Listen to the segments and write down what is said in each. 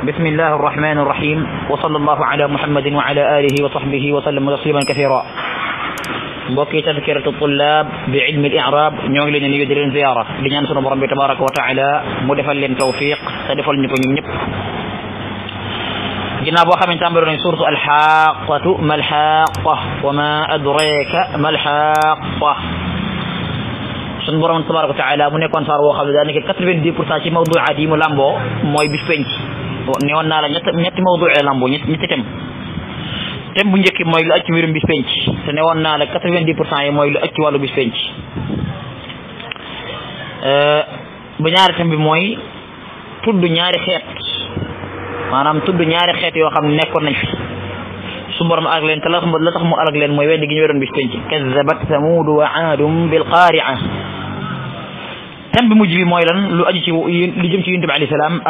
بسم الله الرحمن الرحيم وصلى الله على محمد وعلى آله وصحبه وسلم تسليما كثيرا بوكي تذكرة الطلاب بعلم الإعراب نعلن ليدرين زيارة بنانس ربي تبارك وتعالى مدفع للتوفيق سدف لنكم نب جناب وخم تعمل سورة الحاقة ما الحاقة وما أدريك ما الحاقة sun borom tabaraku taala mu nekkon sar wo xamne da naka 90% ci mawdu adi mu lambo moy bis penc newoon naa la ñett ñetti mawdu lambo ñetti tem tem bu njëkki mooy lu aj ci mbirum bis te newoon naa la quatre-vingt-dix pour yi mooy lu aj ci wàllu bis penc euh, bu ñaari tem mooy tudd ñaari xeet maanaam tudd ñaari xeet yoo xam ne nekkoon nañ fi su borom alag leen te la tax mu alag leen mooy weddi gi ñu wedoon bis penc kazabat wa aadum bil qaari'a tem bi mujj mooy lan lu aju ci lu jëm ci yuntu bi salaam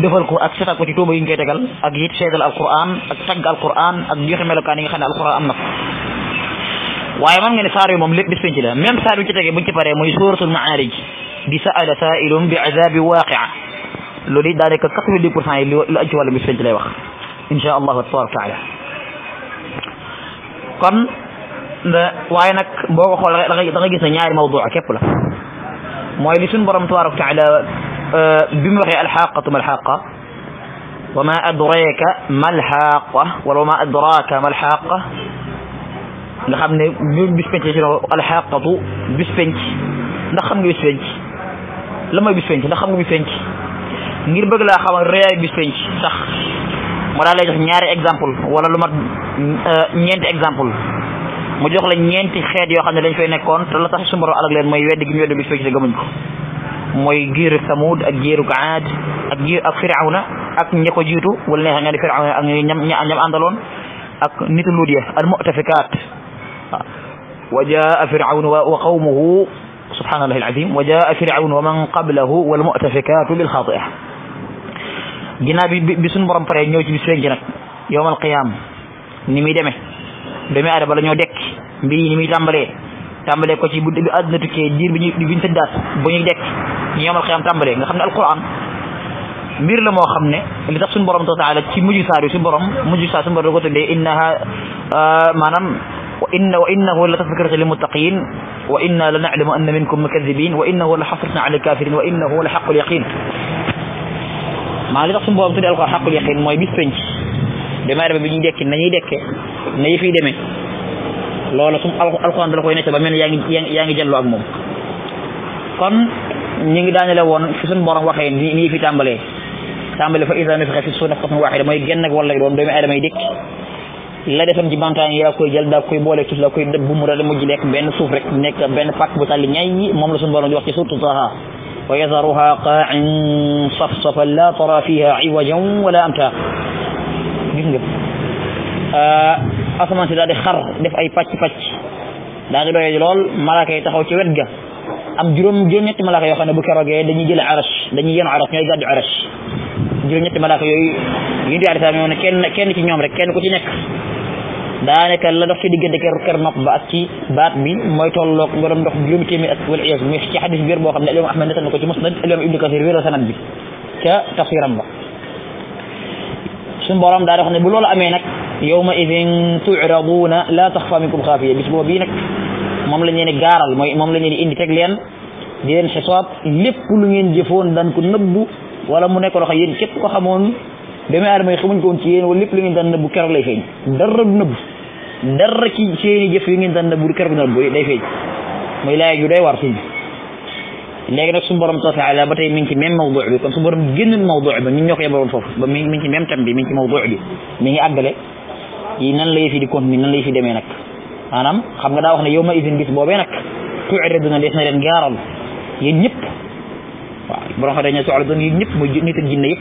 defal ko ak setal ko ci tuuma yi ñu tegal ak yit seedal alquran ak tag alquran ak xamel melokaan ni nga xam alquran am na waye man nga ne saar yi lépp bis penc la même saaru ci tege buñ ci paré moy suratul maarij bi saala sa'ilun bi azabi waaqia loolu it daanaka quatre yi lu ci wàllu bis penc lay wax insha allahu tabaraka taala kon da waye nak boko xol da nga gis ñaari mawdu kep la moy li suñ borom tabaraka taala أه، بما هي الحاقة ما الحاقة وما أدريك ما الحاقة ولو ما أدراك ما الحاقة نخمن بسبنج الحاقة بسبنج نخمن بسبنج لما بسبنج نخمن بسبنج غير بقول لك خمن رأي بسبنج صح مرة لا يجح نيار إكزامبل ولا لما نيانت إكزامبل مجوك لنيانت خير يا خان لين فين كون تلا تحسن مرة على غير ما يود يجيني ود بسبنج زعمنكو mooy giiru samud ak giiruk aad ak giir ak firawna ak ña ko jiitu wala neexe nga ne firawna ak ñam ñam àndaloon ak nitu luut ya al jaa firawnu wa qawmuhu subhanallahi alazim wa jaa firawnu wa man qablahu wal mu'tafikaatu bil xaatia ginnaaw bi bi suñ borom pare ñëw ci bis penc nag yowmal qiyaam ni muy demee doomi aadama la ñoo dekk mbir yi ni muy ko ci bu àdduna tukkee diir bi ñu bi ñu tëddaat bu ñuy dekk ni yamal xiyam tambale nga xamne alquran mbir la mo xamne li tax sun borom taala ci muju saaru sun borom muju saaru sun borom ko tuddee innaha manam wa inna wa innahu la tafakkaru lil muttaqin wa inna la na'lamu anna minkum mukaththibin wa innahu la hasratun ala kafirin wa innahu la haqqul yaqin ma li tax sun borom tuddee alquran haqqul yaqin moy bis penc damay demee bi ñu dekk nañuy dekke nay fi démé lolu sun alquran da la koy necc ba mel yaangi yaangi yaa ngi ak mom kon ñu ngi daanele woon fi suñu borom waxee nii fi tàmbalee tàmbale fa isa nufixa fi suur nafxatun waxida mooy genn ak walla doon doomi aadama yi dikk la defoon ci bantaan yaa koy jël daa koy boole ci la koy dëbb mu daal mujj nekk benn suuf rek nekk benn pàkk bu tàlli ñay moom la suñu borom di wax ci suuratu Taaha wa yazaruha qaa'in safsafan laa tara fiha iwajan wala amta gis nga asamaan si daal di xar def ay pàcc pàcc daal di doyee lool malaaka yi taxaw ci wet ga am juróom juróom-ñetti malaaka yoo xam ne bu keroogee dañuy jële arash dañuy yenu arash ñooy gàddu arash juróom yooyu yu ñu daal di ne kenn kenn ci ñoom rek kenn ku ci nekk daanaka la dox ci diggante ker ker nopp ba ak ci baat bi mooy tolloog nga doon dox juróomi téeméer ak wala iyaasu muy ci xadis biir boo xam ne al imam Ahmad nettal na ko ci musnad al imam Ibnu Kasir wéeral sanad bi ne bu loolu amee nag yawma idin tu'raduna la taxfa minkum xaafiya bis boobu bii nag moom la ñu leen di gaaral mooy moom la ñu leen di indi teg leen di leen xisaab lépp lu ngeen jëfoon daan ko nëbbu wala mu nekk loo xam yéen képp ko xamoon doomi aadama yi xamuñ ko woon ci yéen wala lépp lu ngeen daan nëbbu keroog lay feeñ dara du nëbbu dara ci seeni jëf yu ngeen daan nëbbu keroog nëbbu day feeñ muy laay ju day war si léegi nag suñu borom taala ba tey mi ngi ci même mawdu bi kon suñu borom génn mawdu foofu ba mi ngi ci même tam bi mi ci mawdu bi mi ngi àggale yi nan la yëf yi di continuer nan la yëf yi nag manam xam nga da wax ne yow ma bis boobee nag tuuriduna des na len garal yéen ñep wa borom xam dañu soxla doon yéen ñëpp mooy nit ak jinne yep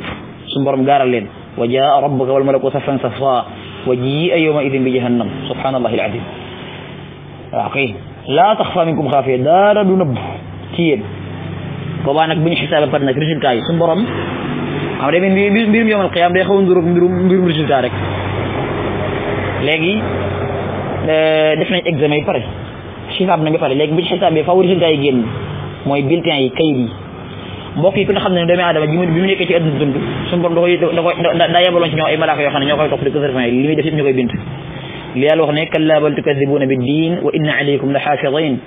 su borom garal len wa jaa rabbuka wal malaku safan safa wa jii ayyuma yowma idin bi jahannam subhanallahi alazim waaw akhi la takhfa minkum khafiya dara du nëbb ci yeen boobaa nag bu ñu xisaaba pare nag résultat yi su borom xam nga bi mbirum yowal qiyam day xawu ndurum mbirum resultat rek legi def nañ examen yi pare xisaab nañ ba pare légui bu ñu bi fa wuri yi génn moy bulletin yi kay bi mbokk yi ko ne xam ne doomi aadama bi mu bi mu nekkee ci addu dund sun borom da koy da koy daa yebaloon ci ñoo ay malaka yo xam ne ñoo koy topp di ko serfin li muy def yëpp ñu koy bind li yàlla wax ne kala bal tukadibuuna bid din wa inna alaykum la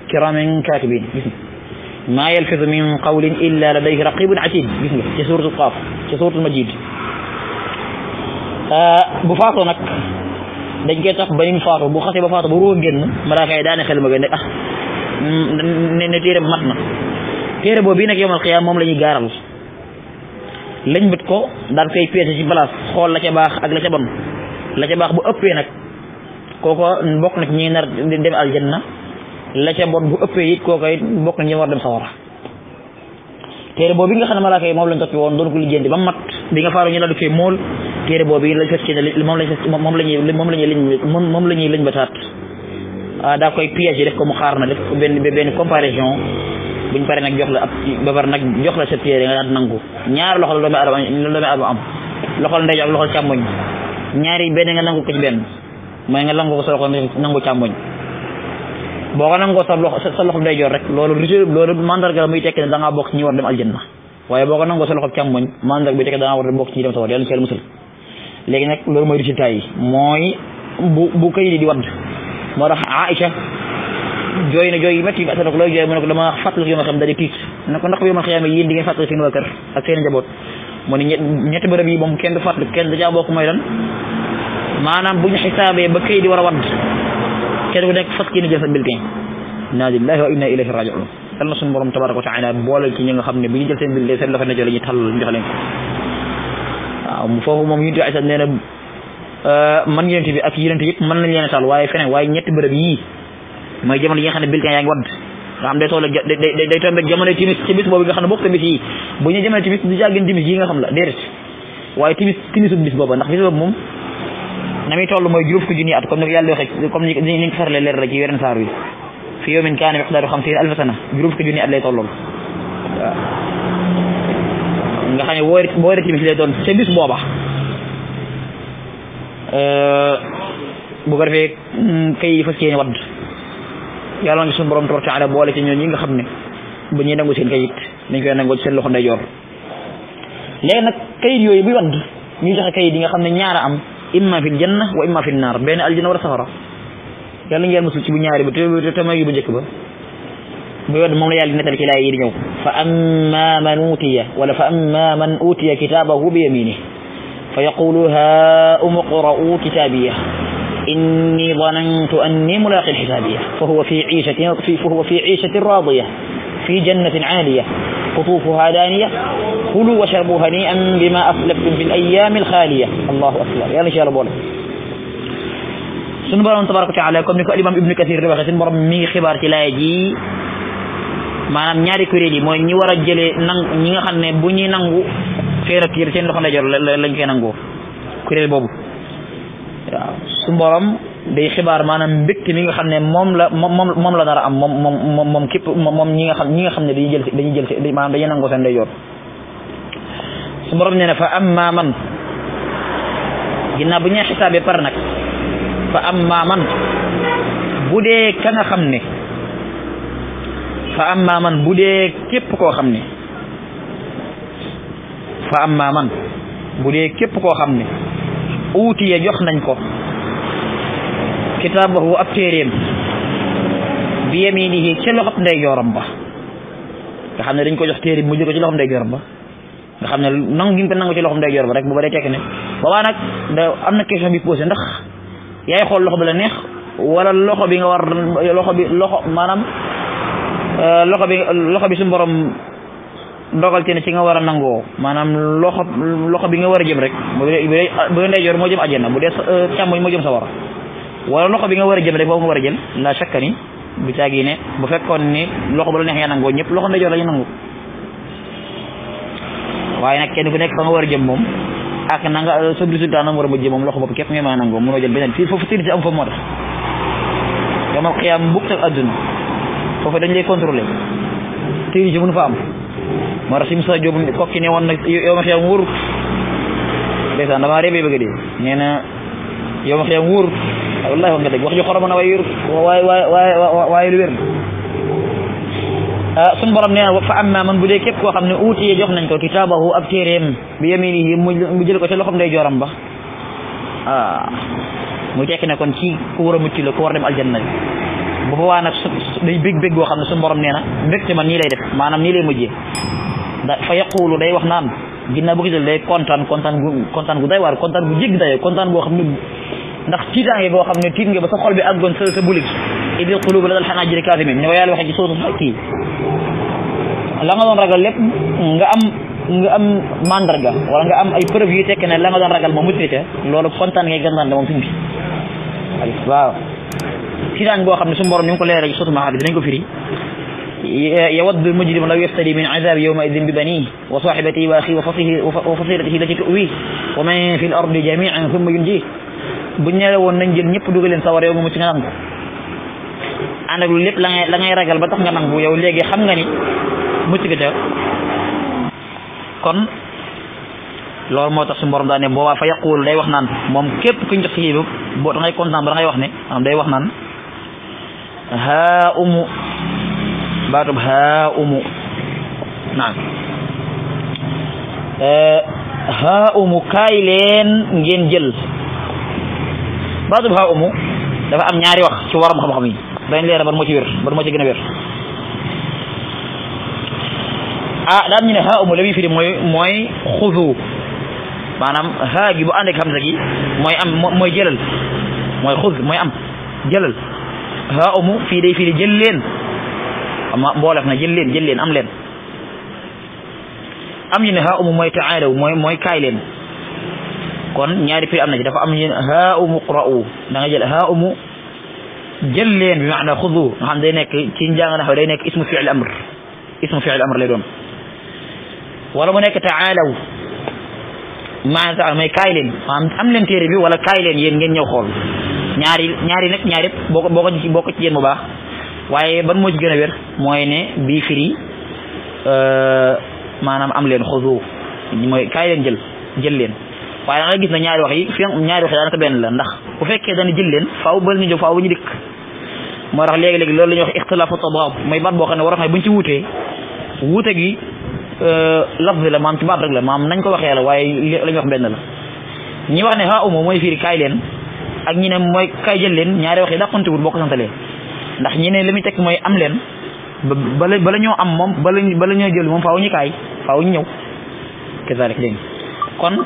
kiraman katibin gis nga maa yalfidu min qawlin illa ladayhi raqibun atid gis nga ci suratul qaaf ci suratul majid bu faatoo nag dañ koy topp ba ni mu faatu bu xasee ba faatu ba ruux génn malaaka yi daane xel ma ne ah mm, ne ne téere mat na téere boobu bii nag yomal moom la ñuy gaaral lañ bët ko daal koy peese ci place xool la ca baax ak la ca bon la ca baax bu ëppee nag kooko bokk na ci ñi nar dem na la ca bon bu ëppee it kooko it bokk na ñi war dem sawara téere boobu nga xam ne malaaka yi moom lañ toppi woon doon ko lijjanti ba mat bi nga faaru ñu la dukkee mool téere boobu lañ fas yéene moom lañ fas moom ah, def ko mu xaar na def ko pare nag jox la ab ba pare nag jox la sa téere nga daan nangu ñaar loxo la doomi adama la doomi adama am loxol ndey ak loxol ñaari benn nga nangu ko ci benn mooy nga nangu ko sa loxo nangu boo ko nangoo sa loxo sa loxo day jor rek loolu rëcc loolu mandarga la muy tekki ne bokk ci ñi war dem aljanna waaye boo ko nangoo sa loxo càmmoñ mandarga bi tekki da ngaa war bokk ci dem sawar yàlla ci léegi nag loolu mooy résultat yi mooy bu bu kay di di moo tax Aïcha jooy na jooy métti asa nak looy jooy mu ne ko dama fàttali yow xam da di tiit ne ko ndax yow ma xiyam yéen di ngeen fàttali seen waa kër ak seen njaboot moo ne ñetti bërëb yi moom kenn du fàttali kenn du dajaa bokk mooy lan maanaam bu ñu xisaabee ba kay di war a wadd xeet wu nekk fas yéene jël sa bulletin inna lillahi wa inna ilayhi rajiun yal na suñu borom tabaraka wa taala boolal ci ñi nga xam ne bi ñu jël seen bulletin seen loxo moom yunti aysa nee na euh, man yonent bi ak yonent yëpp mën nañ leen waaye feneen waaye ñetti bërëb yi nga xam ne bulletin yaa ngi wadd nga xam day toll day day tombe jamono timis ci bis boobu nga xam ne bokk ta bis yi bu ñu jamono timis du timis yi nga xam la déedéet waaye timis timisub bis booba ndax bis moom na muy toll mooy juróom fukki junni at comme ni ko yàlla ni ko farale leer la ci weren saar wi fi yawmin kaana miqdaaruhu xamsiina alfa nga xam ne woori woori timis doon ca bis booba bu ko defee mm, borom tabaaraka boole ci ñoom ñi nga xam ne ba ñuy nangu seen kayit dañ koy nangoo seen loxo ndeyjoor léegi nag kayit yooyu buy wadd ñu joxe kayit yi nga xam ne ñaara am imma fil janna wa imma fil naar benn aljana wala safara yàlla ngeen musul ci bu ñaari ba te te may bu njëkk ba bu yod moom la yàlla nettali ci laay yi di ñëw fa amma man utiya wala fa amma man utiya kitaabahu bi yamini fa yaqulu haa'umu qra'u kitaabiya inni ظننت أني ملاق حسابية فهو في عيشة فهو في عيشة راضية في جنة عالية قطوفها دانية كلوا واشربوا هنيئا بما أسلفتم في الأيام الخالية الله أكبر يا رجال بولا sunu borom tabaraka taala comme ni ko imam ibnu kathir di waxe ya, sunu borom mi ngi xibaar ci laay ji maanaam ñaari kuréel yi mooy ñi war a jëlee nang ñi nga xam ne bu ñuy nangu xeer ak yër seen loxo ndajor lañ koy nangoo kuréel boobu waaw sunu borom day xibaar maanaam mbégte mi nga xam ne moom la moom moom la nar a am moom moom moom képp moom ñi nga xam ñi nga xam ne dañuy jël dañuy jël si maanaam dañuy nangoo seen day yoon su borom nee na fa amma man ginnaaw bu ñu xisaabee par nag fa amma man bu dee ka nga xam ne fa amma man bu dee képp koo xam ne fa amma man bu dee képp koo xam ne uutiye jox nañ ko kitabahu ab téeréem bi yaminihi ci loxob ndeyjooram ba nga xam ne dañ ko jox téere bi mu jël ko ci loxob ndeyjooram ba nga xam ne nang gi ko nangu ci loxob ndeyjoor ba rek bu ba day tekki ne boobaa nag da am na question bi posé ndax yaay xool loxo bi la neex wala loxo bi nga war loxo bi loxo maanaam euh, loxo bi loxo bi suñu borom dogal ci ne ci nga war a nangoo maanaam loxo loxo bi nga war a jëm rek bu dee ndeyjoor moo jëm àjjana bu dee euh, càmmoñ moo jëm sa sawara wala noko bi nga wara jël rek bo nga war jël la chaque bu tagi ne bu fekkoon ni loxo bu la neex ya nangoo ñëpp loxo ndeyjoor la ñu nangu waaye nag kenn ku nekk fa nga war jëm mom ak na nga sa résultat na war a jëm mom loxo bopp képp nga ma a nangoo no jël benen fi fofu tiir si am fa moo tax yomal qiyam bukk tak aduna fofu dañ lay contrôler tiir si mënu fa am moo tax sim sa jóob kokki ne yow ma yomal xiyaam wóorut na ma rebe bëgg dee neena yow wax xiyam wóorut wallahi wax nga dëgg wax ju xoroma na waaye wér way way waaye lu wér sun borom neena wa fa amma man bu kep ko koo xam ya, jox nañ ko kitabahu ab téeréem bi yaminihi mu jël ko ci loxom day joram ba ah mu tek na kon ci ku wara a lo ko war dem aljanna bu fa wana day beg beg go xam sun borom neena na ci man ni lay def manam ni lay mujjé fa yaqulu day wax nan ginnaaw bu gisal day kontaan kontaan gu kontaan gu day waar kontaan gu jéggi dayoo kontaan boo xam ne ndax tiitaange boo xam ne tiit nga ba sa xol bi àggoon sa sa bulit idil qulubu la dal xanaa jëri kaasimin ni ko yàlla waxee ci sóotu kii la nga doon ragal lépp nga am nga am mandarga wala nga am ay preuve yu tekk ne la nga doon ragal moom mucc ca loolu kontaan ngay gàntaan moom suñ bi waaw tiitaan boo xam ne suñu borom ni mu ko leeral ci sóotu maxaadi dinañ ko firi يود المجرم لو يفتدي من عذاب يومئذ ببنيه وصاحبته وأخيه وفصيلته التي تؤويه ومن في الأرض جميعا ثم ينجيه buñ la woon nañ jël ñëpp dugal leen sawar yow nga mucc nga nangu ànd ak lu tax nga yow xam nga ni mucc nga kon loolu moo tax su borom da ne wa fa yaqul day wax nan mom kep kuñ jox kii bo da ngay kontaan ba da ngay wax ne am day wax nan ha umu برب ها أمو نعم آه، ها أمو كايلين جنجل برب ها أمو دفع أم نياري وخ شوار مخم خمي بين لير برموشي بير برموشي جنا بير آه دام ها أمو لبي في موي موي خذو manam ha gibu ande kam zagi moy am moy jelal moy khuz moy am jelal ha umu fi day fi jelal len mboolem na jël leen jël leen am leen am ñu ne haa umu mooy taalaw mooy mooy kaay leen kon ñaari firi am na ci dafa am ñu ne haa umu qra'u da nga jël haa umu jël leen bi maana xudu nga xam day nekk ci njàng naxaw day nekk ismu fiil amr ismu fiil amr lay doon wala mu nekk taalaw maanaam taalaw mooy kaay leen am leen téere bi wala kaay leen yéen ngeen ñëw xool ñaari ñaari nag ñaari boo ko boo ko ci yéen bu baax waaye ban moo ci gën a wér mooy ne bii firi euh, maanaam am leen xuzu mooy kaay leen jël jël leen waaye da nga gis na ñaari wax yi fi ñaari wax yi daanaka benn la ndax bu fekkee dañu leen faaw ba ñu jóg faaw ñu dikk moo tax léegi-léegi loolu la wax ixtilaafu tadaab mooy baat boo xam ne war a xam ne ci wute wuute gi euh, lafz la maam ci baat rek la maam nañ ko waxee la waaye lañu ñuy wax benn la ñi wax ne ha umo mooy firi kaay leen ak ñi ne mooy kay jël leen ñaari wax yi dàqontiwul boo ko santalee ndax ñi ne li muy teg mooy am leen bala ñoo am moom bala bala ñoo jël moom faaw ñu kaay faaw ñu ñëw kazalik dégg kon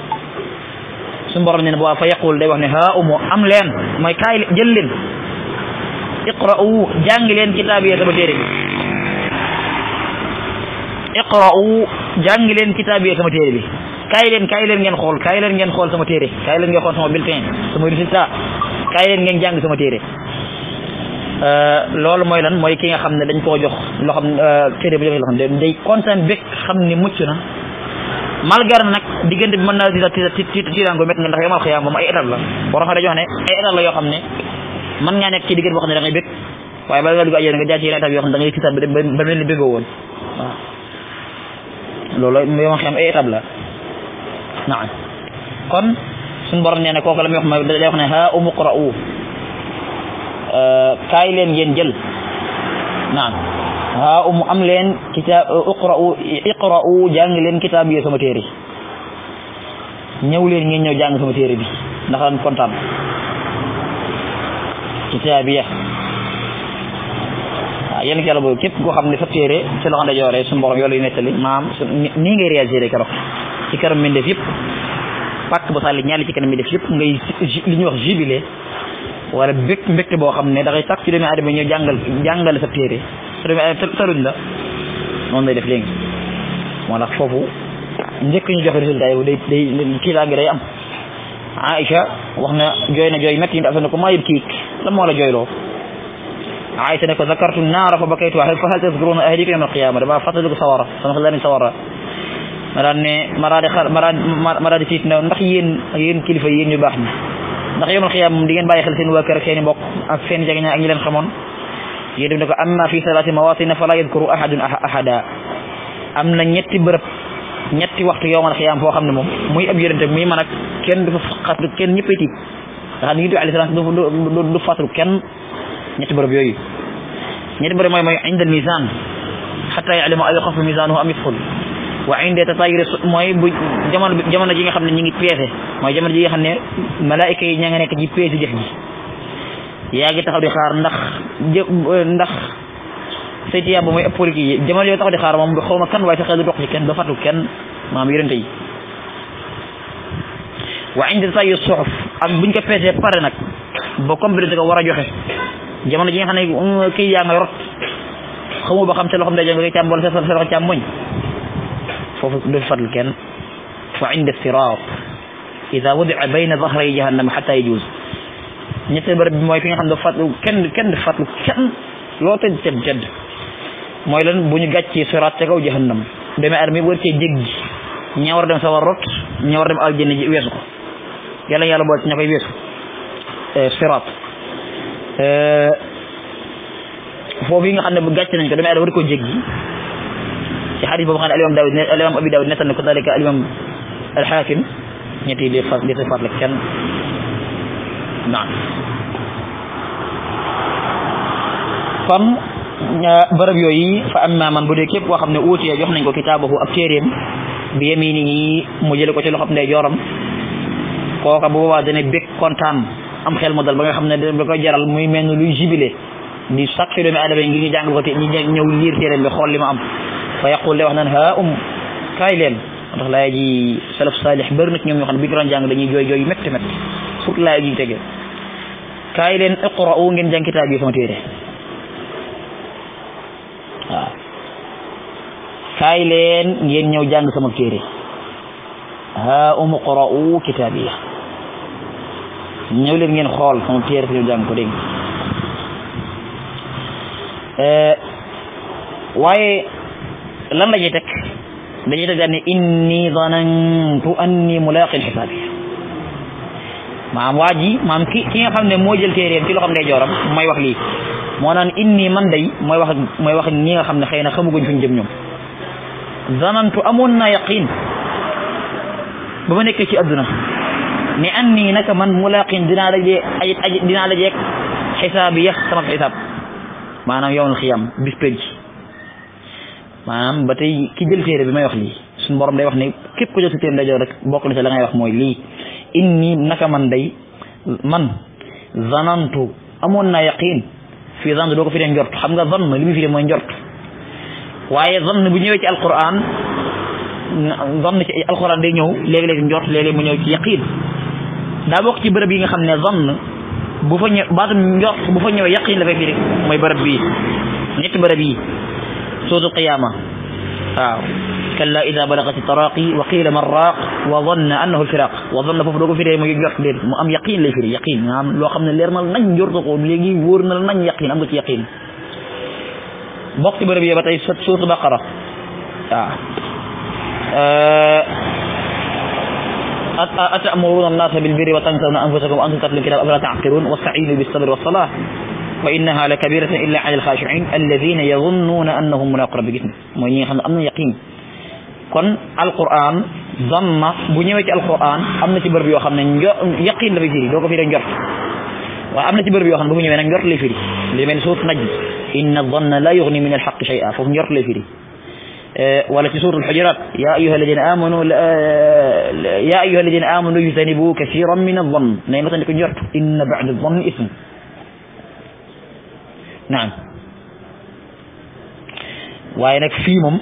suñu borom ne ne boobaa fa yaqul day wax ne haa umu am leen mooy kaay jël leen iqra'u jàng leen kitaab yi sama téere bi iqra'u jàng leen kitaab yi sama téere bi kaay leen kaay leen ngeen xool kaay leen ngeen xool sama téere kaay leen ngeen xool sama bulletin sama résultat kaay leen ngeen jàng sama téere Euh, loolu mooy lan mooy ki nga xam ne dañ koo jox loo xam euh, téere bu jox loo xam ne xam ne mucc na malgré nag diggante mën naa di la tiitaango met nga ndax moom ay étape la war xam yoo xam ne mën ngaa nekk ci diggante boo ne da ngay bég waaye bala nga dugg ajjana nga jaar ci yeneen étape yoo xam ne da ngay tiitaan ba mel ni kon suñu borom nee na kooku la muy wax ma day ne ha umu qra'u Eh, kay len ngeen jël naam ha um am len kitab iqra'u iqra'u jang len kitab yo sama téré ñew len ngeen ñew jang sama téré bi ndax lan kontaan kitab ya waaw yéen ki yàlla boobu képp koo xam sa téré ci loxo ndajooree su borom yoolu netali maam ni ngay réagir kéro ci kéro mbindeef yëpp pak ba sali ñaari ci kéro mbindeef yëpp ngay li ñu wax jubilé wala bépp mbégte boo xam ne da ngay sàkk ci doomi aadama ñëw jàngal jàngale sa téere sa doomi aadama taruñ la noonu lay def léegi moo tax foofu njëkk ñu joxe résultat yi day day kii laa ngi day am Aïcha wax na jooy na jooy métti dafa ne ko maa yëb kiig la moo la jooyloo Aïcha ne ko zakartu naara fa bakaytu fa hal tazkuruna ahlikum yawma alqiyama dama fàttaliku sawara sama xel ni sawara ma daan ne ma daal di xar ma daal di tiit na ndax yéen yéen kilifa yéen ñu baax ñi ndax yowmal xiyaam moom di ngeen bàyyi xel seen waa kër a seen i mbokk ak seen jegeñaa ak ñi leen xamoon yéen def ne ko amma fi salaati mawatina fala yadkuru ahadun ah-, ahada am na ñetti bërëb ñetti waxtu yowmal xiyaam foo xam ne moom muy ab yérante muy man kenn du fa xatu kenn ñëppay tiit nga xam ne yonent bi alayhi salaam du du fàttali kenn ñetti bërëb yooyu ñetti bërëb mooy mooy indal misaan xataa ya'lama ay xafu misaanuhu am yusxul wa inde tatayir mooy bu jamono jamono ji nga xam ne ñu ngi peese mooy jamono ji nga xam ne malaayika yi ña nga nekk ci peese jëf ji yaa ngi taxaw di xaar ndax ndax say tiyaab ba mooy ëpp yi jamono yooyu taxaw di xaar moom xaw ma kan waaye sa xel dox ci kenn du fatu kenn maam yërënte yi wa inde tatayir suxuf ak buñ ko peesee pare nag ba complété joxe jamono ji nga nga rot xamu ba xam day sa foofu du fi fadl kenn fa inda sirat ida wudia bayna dahray jahannama xata yajuz ñetteel barab bi kenn kenn fàtlu loo tëj tëj tëdd mooy lan bu ñu gàccee siraat ca kaw jahannam demee armi war ña war dem sawar rot ña war dem aljanna ji ko yàlla yàlla boole ci eh, siraat eh, foofu yi nga xam ne bu gàcce nañ ko demee armi war koo jéggi ci xadis boobu xam ne alimam Daawud alimam Abi Daawud nettal na ko dalika alimam alxaakim ñetti kon bërëb yooyu fa amma man bu dee képp koo xam ne uutiya jox nañ ko kitaabahu ak téeréem bi yemini yi mu jële ko ci loxob ndey jooram kooka bu boobaa dana kontaan am mu dal ba nga xam ne da koy jaral muy mel ni luy jibile di sotti doomi aadama yi ngir ñu jàngal ko te ñu ñëw liir téeréem bi xool wax naan ha um kaay ndax laay ji salaf saalix na ñoo xam ne bi ñu doon jàng dañuy jooy jooy yu métti métti surtout laay leen iqra'u ngeen jàng kitaab sama téere waaw kaay leen ngeen ñëw jàng sama téere ha um leen ngeen xool sama téere te ñëw jàng ko dégg واي لما جيتك بجيت قال لي اني ظننت اني ملاق حسابي ما ام واجي ما ام كي كي خامني مو جيل تيريم تي لو خامني جورام ماي واخ لي مو نان اني من داي ماي واخ ماي واخ نيغا خامني خينا خامو غن فين جيم ظننت امون يقين بما نيك سي ادنا ني اني نك من حسابي يخ حساب maanaam yowmal xiyam bis pénc maanaam ba tey ki jël téere bi may wax lii suñ borom day wax ne képp ku jël sa téere ndeyjoor rek bokk na ci la ngay wax mooy lii inni naka man day man zanantu amoon naa yaqin fii zanantu doo ko fi firee njort xam nga zan li fi firee mooy njort waaye zan bu ñëwee ci alquran zan ci alquran day ñëw léegi-léegi njort léegi-léegi mu ñëw ci yaqin daa bokk ci bërëb yi nga xam ne zann bu fa ñëw baatum njort bu fa ñëwee yaqin dafay firi mooy barab bii ñetti barab yi suutu qiyaama waaw kalla ida balagati taraqi wa qila man raaq wa dhanna annahu alfiraq wa dhanna foofu doo ko firee muy njort déet mu am yaqin lay firi yaqin nga am loo xam ne leer na la nañ njortu ko léegi wóor na la nañ yaqin am nga ci yaqin bokk ci barab yi ba tey suutu baqara waaw أتأمرون الناس بالبر وتنسون أنفسكم وأنتم تتلون كتاب أفلا تعقلون واستعينوا بالصبر والصلاة وإنها لكبيرة إلا على الخاشعين الذين يظنون أنهم ملاقوا ربهم مؤمنين خلنا أمن يقين كن القرآن ضم بنيوة القرآن أمن تبر بيو خلنا يقين لبي جيري في رنجر وأمن تبر بيو خلنا بنيوة رنجر لفري لمن سوط نجي إن الظن لا يغني من الحق شيئا فهم يرق لفري آه، ولا سورة الحجرات يا أيها الذين آمنوا آه، يا أيها الذين آمنوا يجتنبوا كثيرا من الظن نعم إن بعد الظن إثم نعم وينك فيهم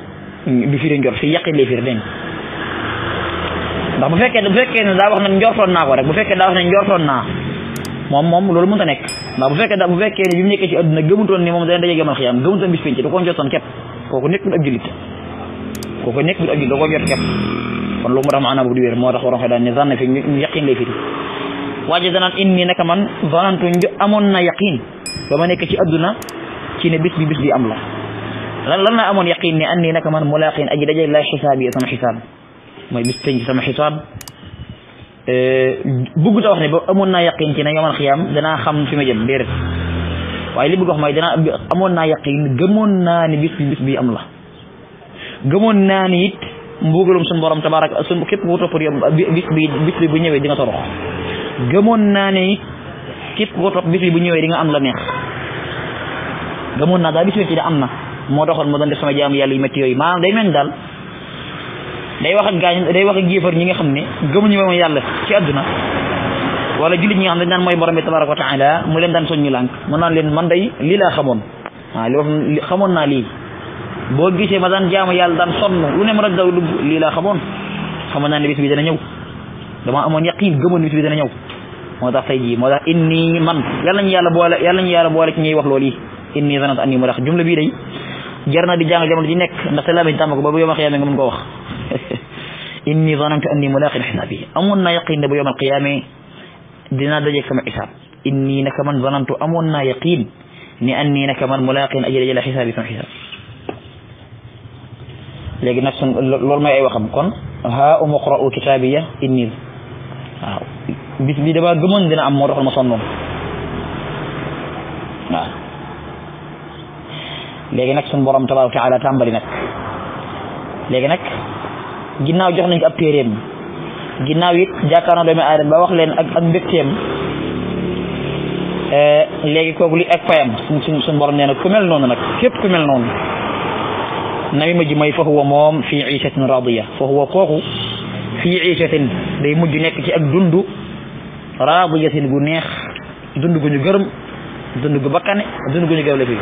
بفيرين جرف في يقين لفيرين بس بفكر بفكر إن دعوة من جرف النا قرر بفكر دعوة من جرف النا مم مم لول مون تنك ما بو فك دا بو فكيني جيم نيكي سي ادنا گيمو تون ني مام دا ندي جيمال خيام گيمو تون بيس فينتي دو كون جوتون كيب كوكو نيت من اجليت ku ko nekk ak doo ko jot képp kon lu mu tax maanaam bu du wér moo tax waroon xëy daal ne zanna fi yaqin lay firi waaje danaan inni man zanantu amoon na yaqin ba ma nekk ci adduna ci ne bis bi bi am la lan lan laa amoon yaqin ne anni naka man mulaqin aji dajale lay xisaab yi sama xisaab mooy bis tënk sama xisaab bëgg ta wax ne ba amoon naa yaqin ci ne yomal xiyaam danaa xam fi ma jëm déedéet waaye li bëgg wax mooy danaa amoon naa yaqin gëmoon naa ne bis bi bi am la gëmoon naa ni it mbugalum suñu borom tabaraka suñ képp ku topp bis bi bis bi bu ñëwee di nga torox gëmoon naa ne képp ku topp bis bi bu ñëwee di nga am la neex gëmoon naa daal bis bi ci da am na moo taxoon ma doon def sama jaamu yàlla yu métti yooyu maanaam day mel daal day wax ak gaañ day wax ak yéefar ñi nga xam ne gëmuñu moom yàlla ci àdduna wala jullit ñi nga xam ne dañ naan mooy borom bi tabaraka wa taala mu leen daan soññu lànk mu naan leen man day lii laa xamoon waaw li xamoon naa lii bo gisee ma daan jaama yàlla daan sonn lu ne ma daan daw dugg lii laa xamoon xamoon naa ne bis bi dana ñëw dama amoon yaqiin gëmoon bis bi dana ñëw moo tax tey jii moo tax inni man yàlla ñu yàlla boole yàlla ñu yàlla boole ci ñuy wax loolu yi inni zanat anni mu rax jumla bii day jar na di jàng jamono ji nekk ndax te laamañ tàmm ba bu yom alxiyaame nga mën koo wax inni zanat anni mulaqin xisaabi amoon naa yaqiin ne bu yom alxiyaame dinaa daje sama xisaab inni naka man zanantu amoon naa yaqiin ni anni naka man mulaqin ajal ajal xisaabi sama xisaab léegi nag sun loolu mooy ay waxam kon haa umu qra'u kitaabiya inni waaw bis bi dama gëmoon dina am moo taxoon ma sonnoon waaw léegi nag sun borom tabaaraka wa taala tàmbali nag léegi nag ginnaaw jox nañ ko ab téeréem ginnaaw it jàkkaarloo doomi aadama ba wax leen ak ak mbégteem eh, léegi kooku li ak fayam suñ suñ borom nee na ku mel noonu nag képp ku mel noonu nawi mujj mooy fa huwa moom fii iishatin radiya fa huwa kooku fii iishatin day mujj nekk ci ak dundu radiyatin gu neex dund gu ñu gërëm dund gu bakkane dund gu ñu gërëm la fi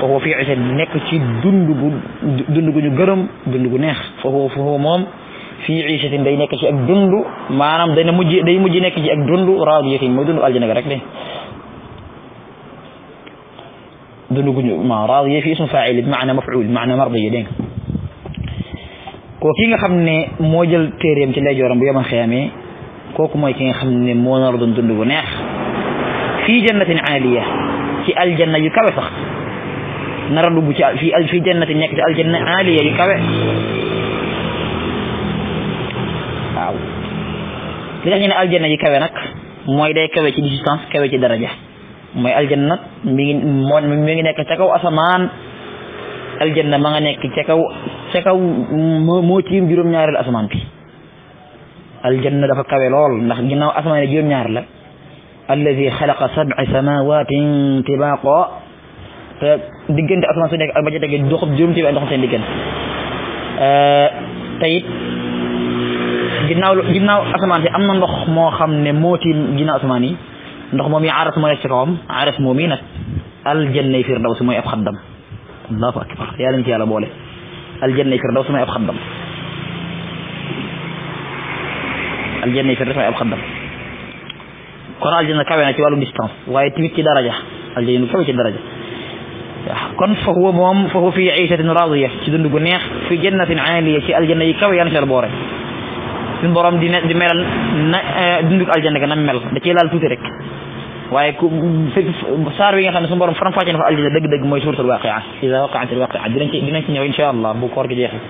fa huwa nekk ci dund gu gërëm dund gu neex fa huwa fa huwa moom fii iishatin day nekk ci ak dund maanaam dana mujj day mujj nekk ci ak dund radiyatin mooy dund aljana ga rek de دنوغ ما راضية في اسم فاعل بمعنى مفعول بمعنى مرضية دين كو كيغا خامني مو جيل تيريم تي لاجورم بيوم الخيامي كوكو موي كيغا خامني مو نار دون دنوغ نيخ في جنة عالية في الجنة يكوي صخ نردو بو في في جنة نيك في الجنة عالية يكوي واو ليغا ني الجنة يكوي نك موي داي كوي سي ديستانس كوي سي درجه mooy aljanna mi ngi moo mi ngi nekk ca kaw asamaan aljanna ma nga nekk ca kaw ca kaw moo tiim juróom-ñaareelu asamaan bi aljanna dafa kawe lool ndax ginnaaw asamaan yi juróom-ñaar la alladi xalaqa sab'i samawatin tibaaqa te diggante asamaan su nekk ak ba ca tege doxub juróom tibi ak doxub seen diggante te ginnaaw ginnaaw asamaan am na ndox moo xam ne moo tiim ginnaaw asamaan yi ndax mom yi arat moy ci rom arat moom yi nag aljannay firdaws mooy ab khaddam allahu akbar ya lañ ci yàlla bolé al aljannay firdaus moy ab khaddam al aljannay firdaus moy ab khaddam kon aljanna kawe na ci walu distance waye timit ci daraja al aljanna kawe ci daraja kon fa huwa mom fa huwa fi iisatin raadiya ci dund gu neex fi jannatin aaliya ci al aljanna yi kawe yàlla ci yàlla boore suñu borom di di melal na dundug aljanna ga nam mel da ci lal tuuti rek waaye ku saar wi nga xam ne suñu borom faram-fàccee na fa aljiza dëgg-dëgg mooy suuratul waaqia iza waqaatil waaqia dinañ ci dinañ bu koor gi jeexee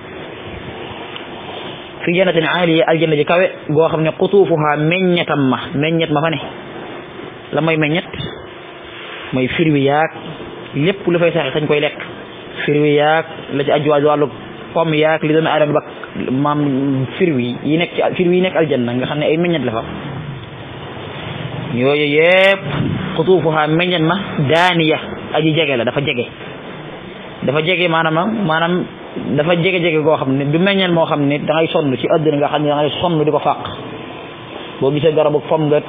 fi jannatin aaliya aljanna ji kawe goo xam ne qutuufuha meññetam ma meññet ma fa ne la may meññet mooy firwi yaag lépp lu fay saxee sañ koy lekk firwi yaag la ci aju wàllu pomme yaag li doomi aadama bak maam firwi yi nekk ci firwi yi nekk aljanna nga xam ne ay meñet la yooyu yëpp xutuufuha meññan ma daniya aji jege la dafa jege dafa jege manam manam dafa jege-jege go xam ne du meññan moo xam da ngay sonu ci addu nga xam da ngay sonu di faq bo boo garab ak fam nga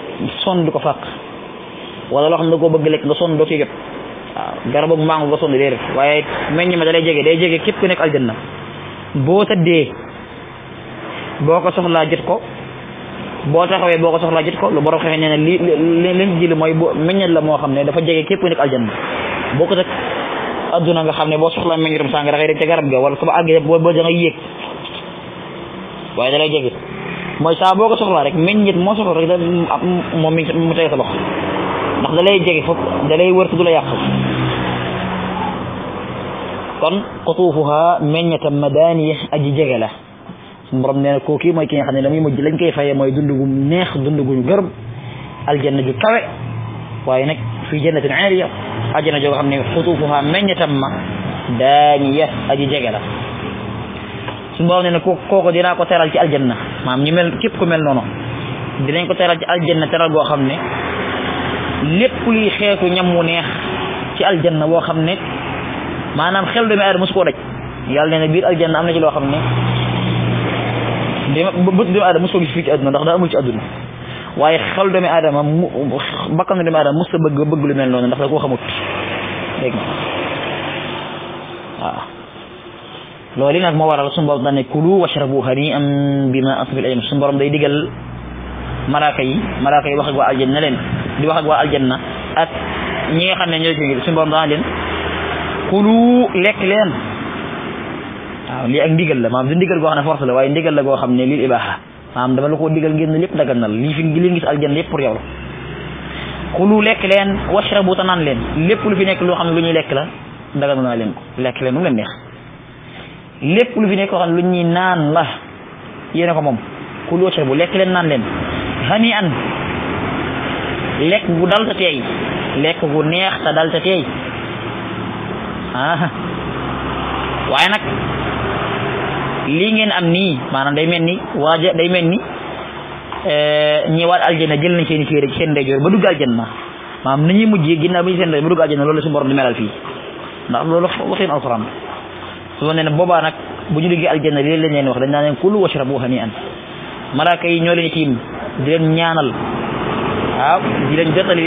di faq wala lo xam ko bëgg lek nga sonn do ci jot garab ak mango nga sonn déedéet waaye meññ ma dalay lay jege day jege képp ku nek aljanna bo ko boo taxawee boo ko soxlaa jot ko lu borom xeexee nee na lii leen ci jël mooy bu meññal la moo xam ne dafa jege képp ku nekk aljanna boo ko teg adduna nga xam ne boo soxlaa meññatum sàngara xëy dem ca garab ga wala su ma àggee boo boo waaye da lay jege boo ko soxlaa rek meññit moo soxla rek da moom mu teg sa loxo ndax da lay jege foofu da lay wër du la yàq kon xutuufuha meññatam madaniya aji jege la suñu borom nee na koo kii ki nga xamne lamuy mujj lañ koy fayé moy dund gu neex dund gu ñu gërëm aljanna ju kawe waye nak fi jannatu aaliya ajana jo xamne ne xutuufuha ma dañ ya aji jege sun borom nee ko kooku dina ko téral ci aljanna maam ñu mel kep ku mel noonu dinañ ko téral ci aljanna teral goo xam ne lépp luy ñam mu neex ci aljanna boo xam ne xel du mi mosu musko daj yalla neena bir aljanna amna ci lo xamne bët doomu aadama mosoo gis fii ci àdduna ndax daa amul ci àdduna waaye xel doomu aadama mu bakkan doomu aadama mos a bëgg bëgg lu mel noonu ndax da koo xamut dégg nga waaw loolu nag moo waral suñu borom daan ne kulu washrabu hani'an bima asbil ayyam suñu borom day digal malaaka yi malaaka yi wax ak waa aljanna leen di wax ak waa aljanna ak ñi nga xam ne ñooy suñu borom daan leen kulu lekk leen waaw lii ak ndigal la maam du ndigal goo xam ne force la waaye ndigal la goo xam ne lii ibaaxa maam dama la koo digal ngeen lépp daganal lii fi li ngeen gis aljanna lépp pour lekk leen washrabu ta naan leen lépp lu fi nekk loo xam lu ñuy lekk la daganal naa leen ko lekk leen nu mu leen neex lépp lu fi nekk loo xam lu ñuy naan la yéene ko moom xulu washrabu lekk leen naan leen hani an lekk gu dal ta teey lekk gu neex ta dal ta teey ah nag lii ngeen am nii maanaam day mel ni waaja day mel ni eh, ñi waat aljanna jël nañ seen i téere ci seen ndeyjoor ba dugg aljanna maanaam nañuy mujjee ginnaaw bi ñu seen ndeyjoor ba dugg aljanna loolu suñu borom di melal fii ndax loolu waxin alquran su ma nee ne boobaa nag bu ñu duggee aljanna lii lañ leen wax dañ naa leen kulu washrabu hani an malaaka ñoo leen tiim di leen ñaanal waaw di leen jottali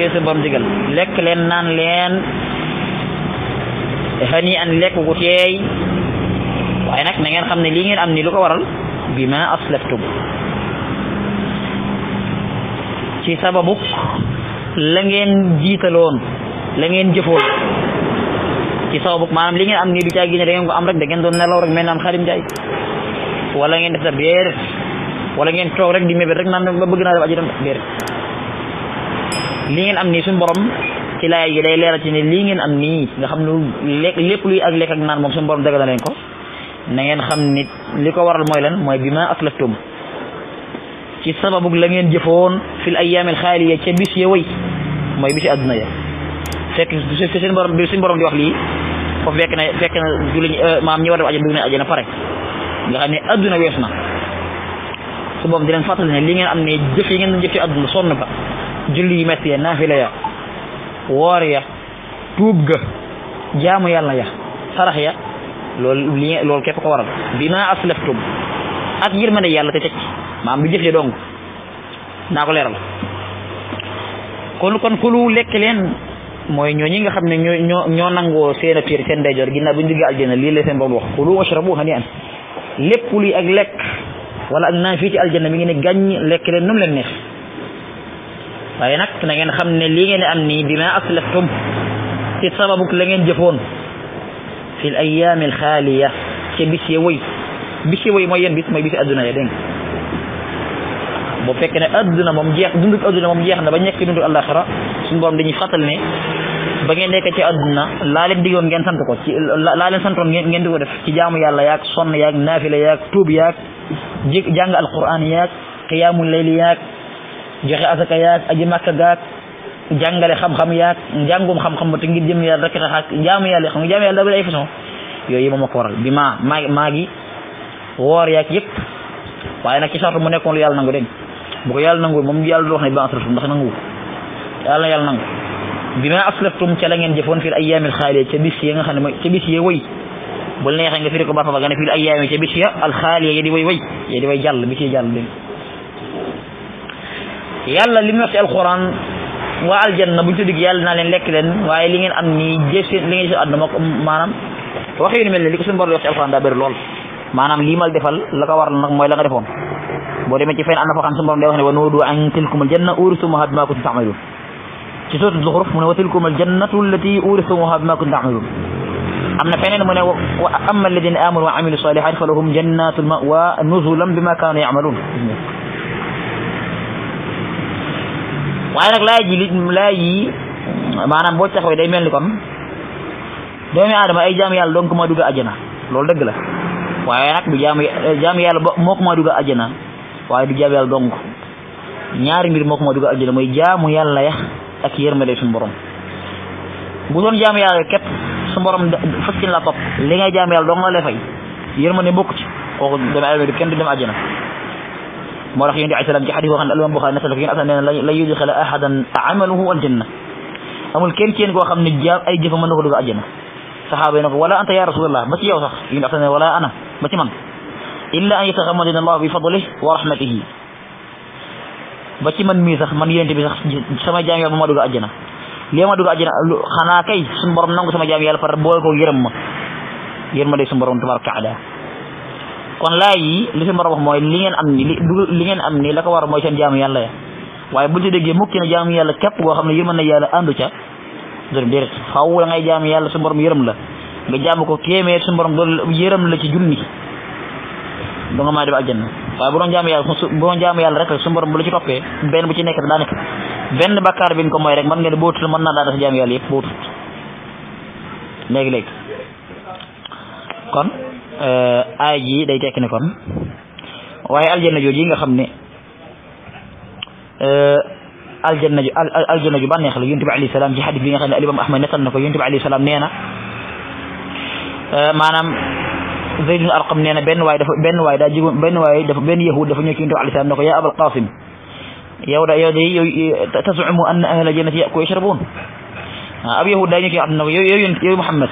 lekk leen naan leen hani an lekk ku teey enak nengen na ngeen xamne ne ngeen am ni lu ko waral bima aslaftum ci sababu la ngeen jitalon la ngeen jëfoon ci sababu manam li ngeen am ni du tagi génne da ngeen ko am rek da ngeen doon nelaw rek mel naan kharim jay wala ngeen def wala ngeen tok rek di mebe rek nan nga bëgg na def aji tam beer li ngeen am nisun sun borom ci lay yi day leeral ci ni li ngeen am nii nga xam lepp luy ak lek ak nan mom sun borom degal na len ko na ngeen xam nit li ko waral mooy lan mooy bi ma aslaftum ci sababu la ngeen jëfoon fil ayyaamil xaaliya ca bis ya way mooy bisi àdduna ya fekk seen borom bi suñ borom di wax na fekk na julli euh, maam ñi war na pare nga xam ne àdduna weesu na su boobu di leen fàttali ngeen am ne jëf yi ngeen sonn ba julli yu métti ya naafila ya woor ya tuub ga jaamu yàlla ya sarax ya loolu lien loolu képp ko waral bi ma aslaftum ak yërmande yàlla te teg maam du jëf ja dong naa ko leeral kon kon kulu lekk leen mooy ñoo ñi nga xam ne ñoo ñoo ñoo nangoo seen a piir seen ndeyjoor ginnaaw bu ñu duggee aljana lii la seen borom wax kulu washrabu hani'an lépp luy ak lekk wala ak fii ci aljana mi ngi ne gàññ lekk leen nu leen neex waaye nag na ngeen xam ne lii ngeen am ni bi ma aslaftum ci sababu la ngeen jëfoon fi l ayaami alxaaliya ca bis ya wëy bis mooy yéen bis mooy bisi adduna ya dégg boo fekkee ne adduna moom jeex dundu adduna moom jeex na ba ñekk dundu àlaxira suñu borom dañuy fàttali ne ba ngeen nekk ci adduna laa leen diggoon ngeen sant ko ci laa leen santoon ngeen di ko def ci jaamu yàlla yaag sonn yaag naafila yaag tuub yaag jàng alquran yaag qiyaamul layli yaag joxe asaka yaag aji màkka gaag jàngale xam-xam yaag njàngum xam-xam ba te ngir jëm yàlla rek tax ak jaamu yàlla xam nga jaamu yàlla da bari ay façon yooyu moom ma ko waral bi maa maa woor yaag yëpp waaye nag ci sartu mu nekkoon lu yàlla nangu dégg bu ko yàlla nangu moom yàlla du wax ne ba asraftum ndax nangu yàlla yàlla nangu bi maa asraftum ca la ngeen fi fil ayyaamil xaaliya ca bis ya nga xam ne mooy ca bis ya wëy bu la neexee nga firi ko ba fa ba nga ne fil ayyaami ca bis ya alxaaliya ya di way way ya di way jàll bis ya jàll dégg li mu wax alxuraan waa aljanna buñ tuddee yàlla naa leen lekk leen waaye li ngeen am nii jëf seen li ngeen si àdduna moo maanaam wax yu ni mel ne li ko suñu borom wax si alxuraan daa bëri lool maanaam lii mal defal la ko waral nag mooy la nga defoon boo demee ci fenn am na foo xam suñu borom day wax ne wa nuudu an tilkumul janna uuristumuha bimaa kuntum ta'maluun ci sourate Zukhruf mu ne wa tilkumul jannatu allati uuristumuha bimaa kuntum ta'maluun am na feneen mu ne wa amma alladina amanu wa amilu salihaati fa lahum jannatul mawa nuzulan bima kaanu ya'maluun waaye nag laaj yi li laaj maanaam boo taxawee day mel ni kon doomi aadama ay jaam yàlla donc ma dugg àjjana loolu dëgg la waaye nag du jaam jaam yàlla moo ko du jaam yàlla donc ñaari mbir moo ma dugg àjjana mooy jaamu yàlla ya ak yërmande suñu borom bu doon jaam yàlla képp suñu borom fas la topp li ngay jaam yàlla dong la lay fay yërmande bokk doomi aadama du kenn du dem àjjana moo tax yonent bi salaam ci xadis boo xam ne alimam Buxaari nasal ko yéen asan nee la yudxila ahadan amaluhu aljanna amul kenn kenn koo xam ne eh, jaam ay jëfa mën na ko dugg àjjana saxaaba yi ne ko wala anta ya rasulallah ba ya, ci yow sax yonent bi asan wala ana ba ci man illa an yataxammadina allah bi fadlihi wa rahmatihi ba ci man mii sax man yonent bi sax sama jaam yàlla bu ma dugg àjjana lii ma dugg àjjana xanaa kay suñu borom nangu sama jaam yàlla par boole ko yërëm ma yërëm ma day suñu borom tabaraka taala kon la yi li fi borom wax mooy li ngeen am ni li du li ngeen am ni la ko war moy seen jaamu yalla ya waaye bu ci déggee mukki na jaamu yalla kep go xamne ne na yalla andu ca dërëm dir xaw la ngay jaamu yalla su borom yërëm la nga jaamu ko kéemee su borom do yërëm la ci junni do nga maa dem aljanna waye bu doon jaamu yalla bu doon jaamu yalla rek su borom bu lu ci topé ben bu ci nek da nek ben bakkar ñu ko moy rek man nga ne boo tutul mën naa daa def jaamu yàlla yëpp boo tut léegi kon aay ji day tekki ne kon waaye aljanna jooju nga xam ne aljanna ju aljanna ju bànneex la yonent bi alayhi salaam ci xadis bi nga xam ne alimam ahmad nettal na ko yonent bi alayhi salaam nee na maanaam zaydun arqam nee na benn waay dafa benn waay daa jigoon benn waay dafa benn yahud dafa ñëw ci yonent bi alayhi salaam ne ko yaa abal qasim yow da yow day yow tasumu anna ahla jannati ya'kulu yashrabun ab yahud daa ñëw ci xam ne yow yow yow muhammad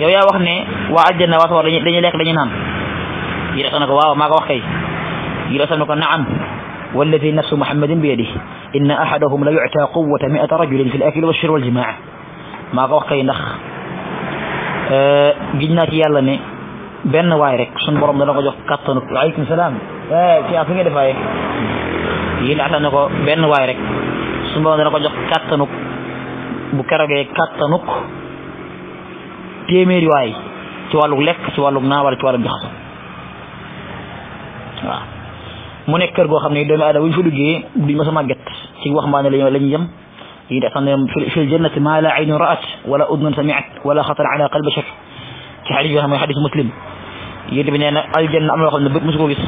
yow yaa wax ne waa àjjana waa sawar dañuy lekk dañuy naan yéen a ko waaw maa ko wax kay yéen a ko naam والذي نفس محمد بيده إن أحدهم ليعتى قوة مئة رجل في الأكل والشرب والجماع ما ko wax kay ndax giñ naa ci yàlla ne benn waay rek sun borom dana ko jox kattanu waaleykum salaam ci fi nga defaaye yéen àttan na ko benn waay rek sun borom dana ko jox kattanu bu kerogee kattanuk téeméeri waay ci wàllu lekk ci wàllu naan wala ci wàllu jaxaso waaw mu nekk kër goo xam ne doomi aadama bu ñu fa duggee duñ ma sa màgget ci wax mbaa ne la ñu yem yi def ne fi ljannati maa laa aynun ra'at wala udnun sami'at wala xatar ala qalbi bashar ci xadis yoo xam ne xadis muslim yéen bi nee na aljanna am na loo xam ne bët mosu koo gis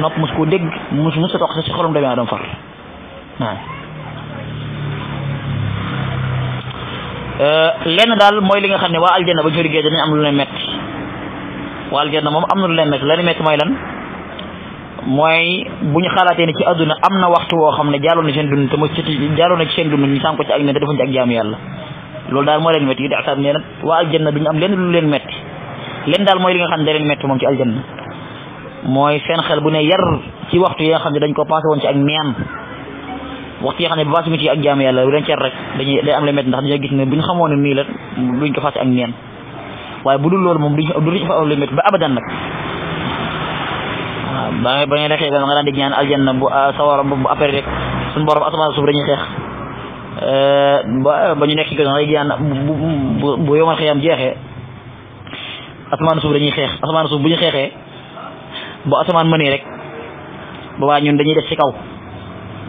nopp mosu koo dégg mosu mosu toog sa si xolom doomi aadama far waaw Euh, lenn daal mooy li nga xam ne waa aljanna ba ñu liggéey danañ am lu leen moom am na leen metti la leen mooy lan mooy bu ñu xalaatee ne ci àdduna am na waxtu woo xam ne jàlloon na seen dund te mo ci jàlloon na ci seen dund ñu sànq ko ci ak ne te defuñ ci ak yi di asaab nee waa aljanna duñu am lenn lu leen metti lenn daal mooy li nga xam ne da leen metti moom ci aljanna mooy seen xel bu ne yar ci waxtu yi nga xam ne dañ ko passé woon ci ak neen waxtu yi xam ne ba baasuñu ci ak yàlla bu leen rek dañuy day am le ndax dañoo gis ne buñ xamoon ne nii la duñ ko fàtte ak neen waaye bu dul loolu moom duñ duñ fa am le met ba abadan ba ba ngay rexee ba nga daan di bu ah, sawara bu après rek suñu borom asamaan suuf xeex eh, nekk ci gën bu bu bu yomal xiyam jeexee asamaan suuf dañuy xeex asamaan suuf bu ñu xeexee ba asamaan mënee rek ba waa ñun dañuy def ci kaw.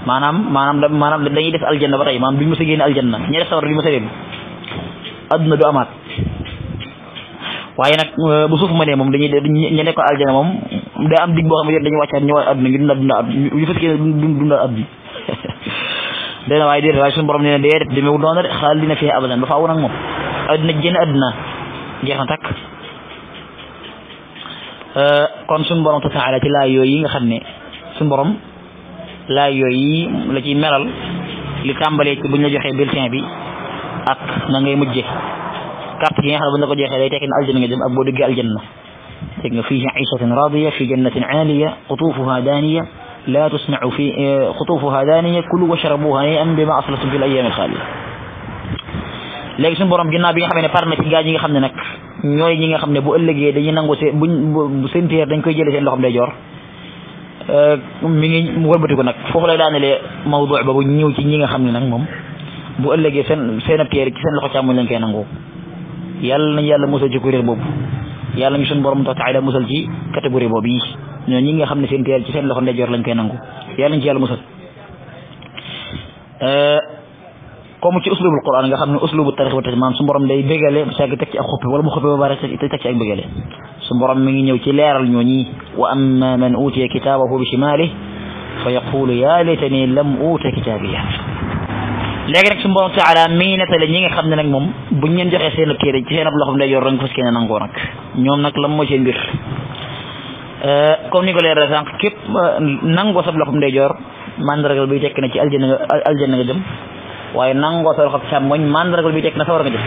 maanaam maanaam da maanaam dañuy des aljanna ba tey maanaam duñ mës a génn aljanna ñi def sawar adduna du amaat waaye nag euh, bu ma ne moom dañuy ña nekkoon aljanna moom day am digg boo xam ne dañuy wàccaat ñëwaat adduna ngi dunda dunda adduna ñu fas yéene dunda adduna dana waaye déedéet waaye suñu borom nee na déedéet demeewul noonu rek xaal dina fee abadan ba faaw nag moom adduna génn adduna jeex euh, kon suñu borom taala laa yooyu yi nga xam ne suñ borom la yoy la ci melal li tambale ci buñu joxe bulletin bi ak na ngay mujje carte gi nga xam ne ko joxe day tekki ne aljanna nga dem ak boo duggee aljanna tek nga fii aichatin radiya fi jannatin aaliya qutuufuha daaniya لا تسمع في خطوفها دانية كلوا وشربوا هنيئا بما أصلتم في الأيام الخالية léegi suñu borom ginnaaw bi nga xam ne par na ci gaa ñi nga xam ne nag ñooy ñi nga xam ne bu ëllëgee dañuy nangu seen bu seen dañ koy jëlee seen loxoom day joor Euh, mi ngi wëlbatiku nag foofu lay daanelee mawdu boobu ñëw ci ñi nga xam ne nag moom bu ëllëgee seen seen ab téere ci seen loxo càmmoñ lañ koy nangoo yàlla nañ yàlla musal ci kuréel boobu yàlla ñu suñ borom tax taala musal ci catégorie boobu yi ñoo ñi nga xam ne seen téere ci seen loxo ndeyjoor lañ koy nangu yàlla nañ ci yàlla musal euh, comme ci uslubu alquran nga xam ne uslubu tarix ba tarix maanaam su borom day bégale sàgg teg ci ak xuppe wala mu xuppe ba bare teg ci ak bégale su borom mi ngi ñëw ci leeral ñoo ñi wa amma man utiya kitaabahu bi shimalih fa yaqulu ya laytani lam uta kitaabiya léegi nag su borom taala mi ngi nettali ñi nga xam ne nag moom buñ leen joxee seen téere ci seen ab loxom day yor rang fas keneen nangoo nag ñoom nag lam mooy seen mbir comme ni ko leeral sànq képp nangoo sab loxom day jor mandargal bi tekk na ci aljanna nga aljanna nga jëm waaye nangoo sa loxo càmmoñ màndargal bi tekk na sawar nga jëf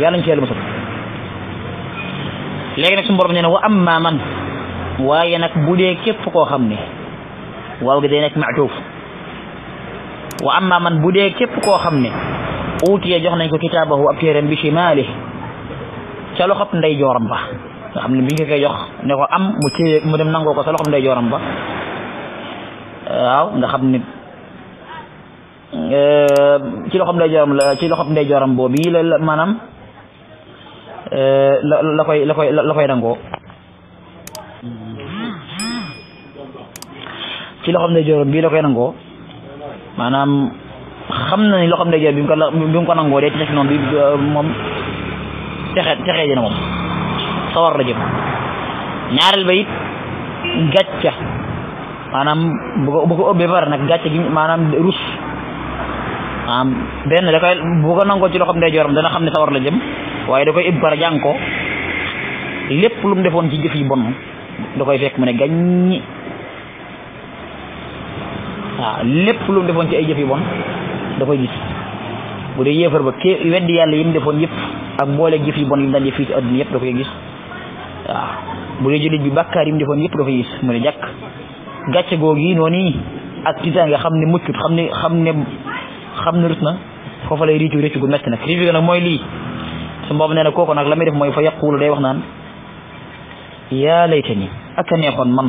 yàlla ñu ci yàlla musal léegi nag suñu borom na wa amma man waaye nag bu dee képp koo xam ne waaw gi day nekk matuuf wa amma man bu dee képp koo xam ne uutiye jox nañ ko kitaabahu ab téeram bi shimaali ca loxob ndey jooram ba nga xam ne bi nga koy jox ne ko am mu mu dem nangoo ko sa loxob jooram ba waaw nga xam ne Euh, ci loxoom ndeyjooram la ci loxoom ndeyjooram boobu la maanaam euh, la la koy la koy la koy nangoo ci loxoom ndeyjooram bii la koy nangoo maanaam xam na ni loxoom ndeyjoor bi mu ko bi mu ko nangoo bi euh, moom texe texe dina sawar la jëm ñaareel ba it gàcca maanaam bu ko bu ko nag gàcca gi maanaam rus maanaam benn da koy bu ko nangoo ci loxoom ndeyjooram dana xam ne sawar la jëm waaye da koy ib bara jàng lépp lu mu defoon ci jëf yi bon da koy fekk mu ne gàññi waaw lépp lu defoon ci ay jëf yi bon da koy gis bu dee yéefar ba ke weddi yàlla yi defoon yëpp ak boole jëf yi bon yi yëpp da koy gis waaw bu dee jullit bi bàkkaar yi defoon yëpp da koy gis mu ne jàkk gàcce googu noonu ak tiitaan xam ne muccut xam ne xamna rutna rut lay ritu ritu gu métti nak riitu nak moy li sun bobu neena koko nak lamay def moy fa yaqulu day wax nan ya laytani akane xon man